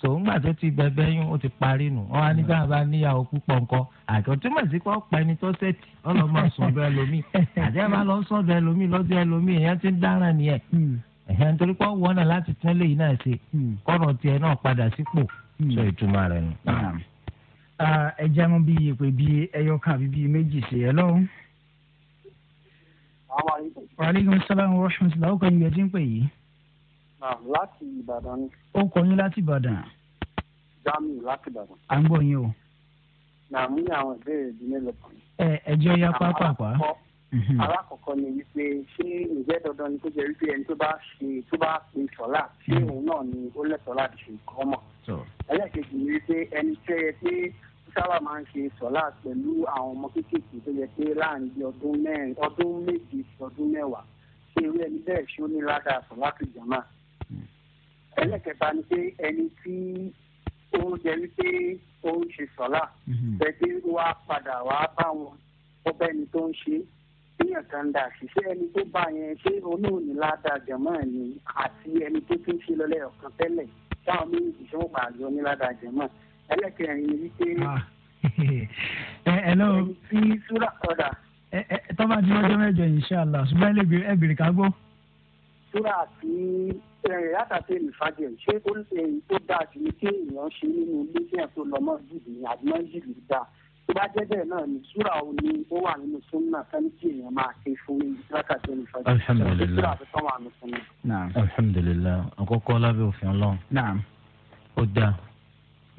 sò ń gbà tó ti bẹbẹ yín ó ti parí nù wọn á ní bá a bá níyàwó púpọ̀ nǹkan àjọ túmọ̀ sí ẹ̀hẹ́ nítorí pé wọ́n náà láti tún eléyìí náà ṣe kọ́nà tiẹ̀ náà padà sípò hmm. sọ ìtumọ̀ rẹ̀ nù. Ah, ẹ jẹun ìpè bíi ẹyọ kan àbí méjì ṣe ẹ ń pè yìí. láti ìbàdàn ni. ó láti ìbàdàn. o. ẹ ẹ jẹ́ Mm-hmm. alákọ̀ọ́kọ́ ni wípé ṣé ǹjẹ́ dandan ni kó jẹ́ wípé ẹni tó bá ṣe tó bá ṣe sọ́lá ṣé mm-hmm. òun náà ni ó lẹ́tọ̀ọ́ láti ṣe nǹkan mọ̀ ẹlẹ́ẹ̀kejì ni wípé ẹni tẹ́ yẹ pé sábà máa ń ṣe sọ́lá pẹ̀lú àwọn ọmọ kéékèèké tó yẹ pé láàrin bí ọdún mẹ́rin ọdún méje ọdún mẹ́wàá ṣé irú ẹni bẹ́ẹ̀ ṣó ní ládàá sọ́lá tó jàmá mm-hmm. ẹlẹ́kẹta ni pé ẹni tí ó jẹ́ wípé ó ń ṣe sọ́lá pẹ̀lú wá padà wá bá wọn ó bẹ́ni tó ń ṣe téèyàn kan dà ṣiṣẹ́ ẹni tó bá yẹn ṣé olóòní ládàá jẹ̀mọ́ ni àti ẹni tó tún ṣe lọ́lẹ́ ọ̀kan tẹ́lẹ̀ táwọn méjì ṣé wọ́n pàdé ọ ní ládàá jẹ̀mọ́ ẹlẹ́kẹ̀rin ni wípé. ẹ ẹ lọ. ẹni tí súrà kọdà. Eh, eh, ẹ ẹ tọ́ba tí wọ́n jẹ́ mẹ́jọ inṣàlá ṣùgbọ́n ẹ bèrè ká gbọ́. súrà àti eh, látàtẹ́ ìfàjẹ́ ṣé ó dáa jù ní kí èèyàn ṣe nínú ilé tó bá jẹ́ bẹ́ẹ̀ náà ni súrà ò ní ó wà nínú súnà sani tí èèyàn máa ṣe fún ìdíláta tó ní fọdún. alhamdulilayi súrà tó tán wà nínú súnà. naam alhamdulilayi àkọ́kọ́ lábẹ́ òfin ọlọ́run. naam ó dáa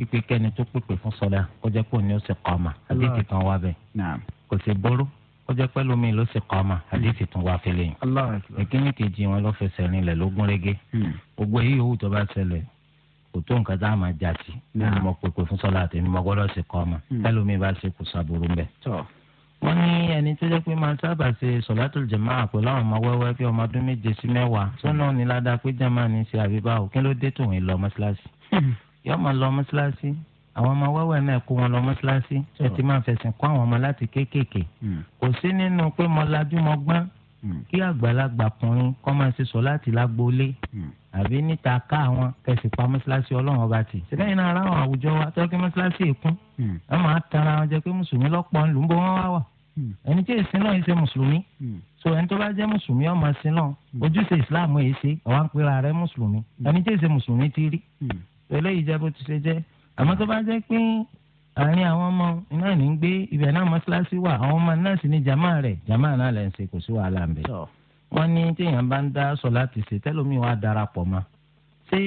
ipe kẹ́ni tó pèpè fún sọ́dá kó jẹ́ pé òní ó sì kọ́ ọmọ àdéhìí kan wá bẹ́ẹ̀. naam kò sì bọ́rú ó jẹ́ pé lómi ló sì kọ́ ọmọ hmm. àdéhìí tún wá fẹ́lẹ́ yìí. ìkíni kejì wọn ló fẹsẹ̀ rinlẹ̀ lógún régé. Hmm. gbogbo èyí yòówù tó bá ṣẹlẹ̀ kò tó nǹkan tá a máa jà sí ní mo pèpè fún sọlá àti ní mo gbọ́dọ̀ ṣe kọ ọmọ hmm. tẹlómi bá ṣe kò sàbòrò mbẹ. wọ́n ní ẹni tó jẹ́ pé máa sábà ṣe sọ̀látùl jàmáà pẹ̀lú àwọn ọmọ wẹ́wẹ́ bí ọmọ ọdún méje sí mẹ́wàá hmm. sọ́nà ní ládàá pé jàmáà ní ṣe àbíbá o ló dé tòun lọ mọ́ṣáláṣí. Hmm. yọ́ máa lọ mọ́ṣáláṣí àwọn ọmọ wẹ́wẹ́ náà kó wọn lọ mọ́ṣáláṣí ẹ ti máa fẹ̀sìn kọ́ àwọn ọmọ láti kéékèèké kò sí nínú pé mo Hmm. kí àgbàlagbà kùnrin kọ́ máa ṣe sọ láti lágbólé hmm. àbí níta ká àwọn kẹsì pa mọ́ṣáláṣí ọlọ́run ọba tì sílẹ̀yìn náà aráwọ̀ àwùjọ wa tọ́ kí mọ́ṣáláṣí èkún hmm. wọ́n máa tara wọn jẹ pé mùsùlùmí lọ́pọ̀ ń lù ú bó wọ́n wá wà ẹni tí èsì náà ń ṣe mùsùlùmí so ẹni tó bá jẹ́ mùsùlùmí ọmọ sí náà ojúṣe ìsìláàmù èyí ṣe ọ̀wá ń pera rẹ̀ mùsùlùmí ẹni tí èsì mùsùlùmí ti rí eléyìí jẹ́ bó ti ṣe jẹ́ àmọ́ tó bá jẹ́ pé àárín àwọn ọmọ iná ní gbé ibẹ̀ náà mọ́ṣáláṣí wà àwọn ọmọ náà sì ní jàmá rẹ̀ jàmá náà lẹ́ ń ṣe kò sí wàhálà ń bẹ̀. wọ́n ní téèyàn bá ń dá sọ láti ṣe tẹ́lómi wàá darapọ̀ mọ́ ṣé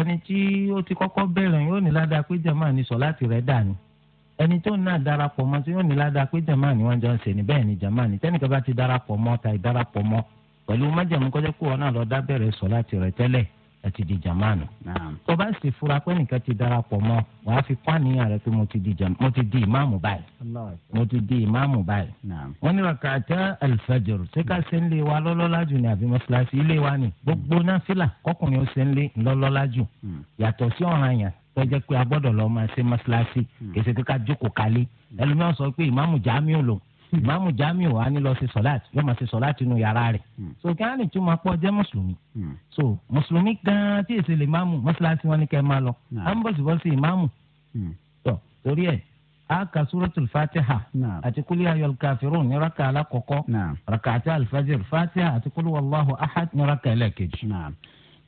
ẹni tí ó ti kọ́kọ́ bẹ̀rẹ̀ yóò ní ládàá pé jàmá ní sọ láti rẹ̀ dà ní ẹni tó náà darapọ̀ mọ́ tí yóò ní ládàá pé jàmá ní wọ́n jọ ń ṣe ní bẹ́ẹ̀ ni jàmá ní tẹ́nìkan bá ti darapọ̀ mọ́ ta ìdarapọ̀ mọ́ pẹ̀lú májàmú kọ́jọ́ pé wọn náà lọ dá sọ láti rẹ̀ tẹ́lẹ̀ ẹ ti di jàmánu. tó bá sì fura pé nìkan ti darapọ̀ mọ́ wàá fi kọ́ àníyàn rẹ pé mo ti di mo ti di ìmáàmù báyìí. mo ti di ìmáàmù báyìí. wọ́n ní ọ̀kà àti àlùfẹ́jọ̀rù ṣé ká ṣe ń lé wa lọ́lọ́lá jù ní àbí mọ́ṣáláṣí ilé wa ni gbogbo náfìlà kọkùnrin ó ṣe ń lé lọ́lọ́lá jù hmm. yàtọ̀ sí ọ̀ràn yẹn tó jẹ́ pé a gbọ́dọ̀ lọ́ọ́ máa ṣe mọ́ṣáláṣí hmm. kèsì ìmáàmù jamiu wa ni lọ sí sọláàtì yóò máa ṣe sọláàtì inú yàrá rẹ̀ hmm. so kí á lè tún máa pọ̀ jẹ́ mùsùlùmí hmm. so mùsùlùmí gan tí èsì lè máàmù mọ́ṣáláṣí wọn ni kẹ́ máa lọ à ń bọ̀ sí bọ́ sí ìmáàmù hmm. tó torí ẹ̀ a kà suratul fatiha àti kúlí ayọ̀l kàfírùn ní raka alákọ̀ọ́kọ́ raka àti alfajir fatiha àti kúlí wàlláhu ahad ní raka ẹlẹ́kejì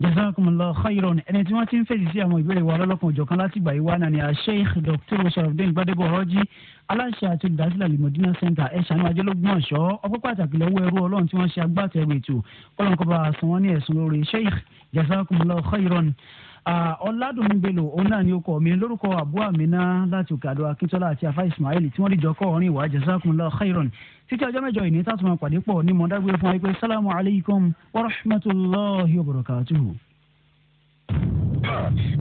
jazakumullahu khairan ẹni tí wọ́n ti ń fèsì sí àwọn ìbéèrè wa lọ́lọ́kan òjọ̀kan láti ìgbà yìí náà ni a sheikh dr sharafdin gbadebo ọrọ́jì aláṣẹ àti olùdásílẹ̀ alimọ̀dínà center ẹ̀ṣánú ajẹ́lógún ọ̀ṣọ́ ọpẹ́ pàtàkì lọ́wọ́ ẹrú ọlọ́run tí wọ́n ṣe agbátẹrù ètò ọlọ́nkọ́ba àsanwó ní ẹ̀sùn lórí sheikh jazakumullahu khairan ọ̀làdùnmí bello òun náà ni ó kọ́ mi lórúkọ àbú àmínà láti òkè àdó akíntola àti afa ismail tí wọ́n dìjọ kọ́ orin ìwà jazakumullahu khairan títí ọjọ́ mẹ́jọ ìní tààtùmọ̀ àpàdé pọ̀ ní mọ̀dágbére fún wa pé sálámù alaykum wa rahmatulahi wa barakatuhu.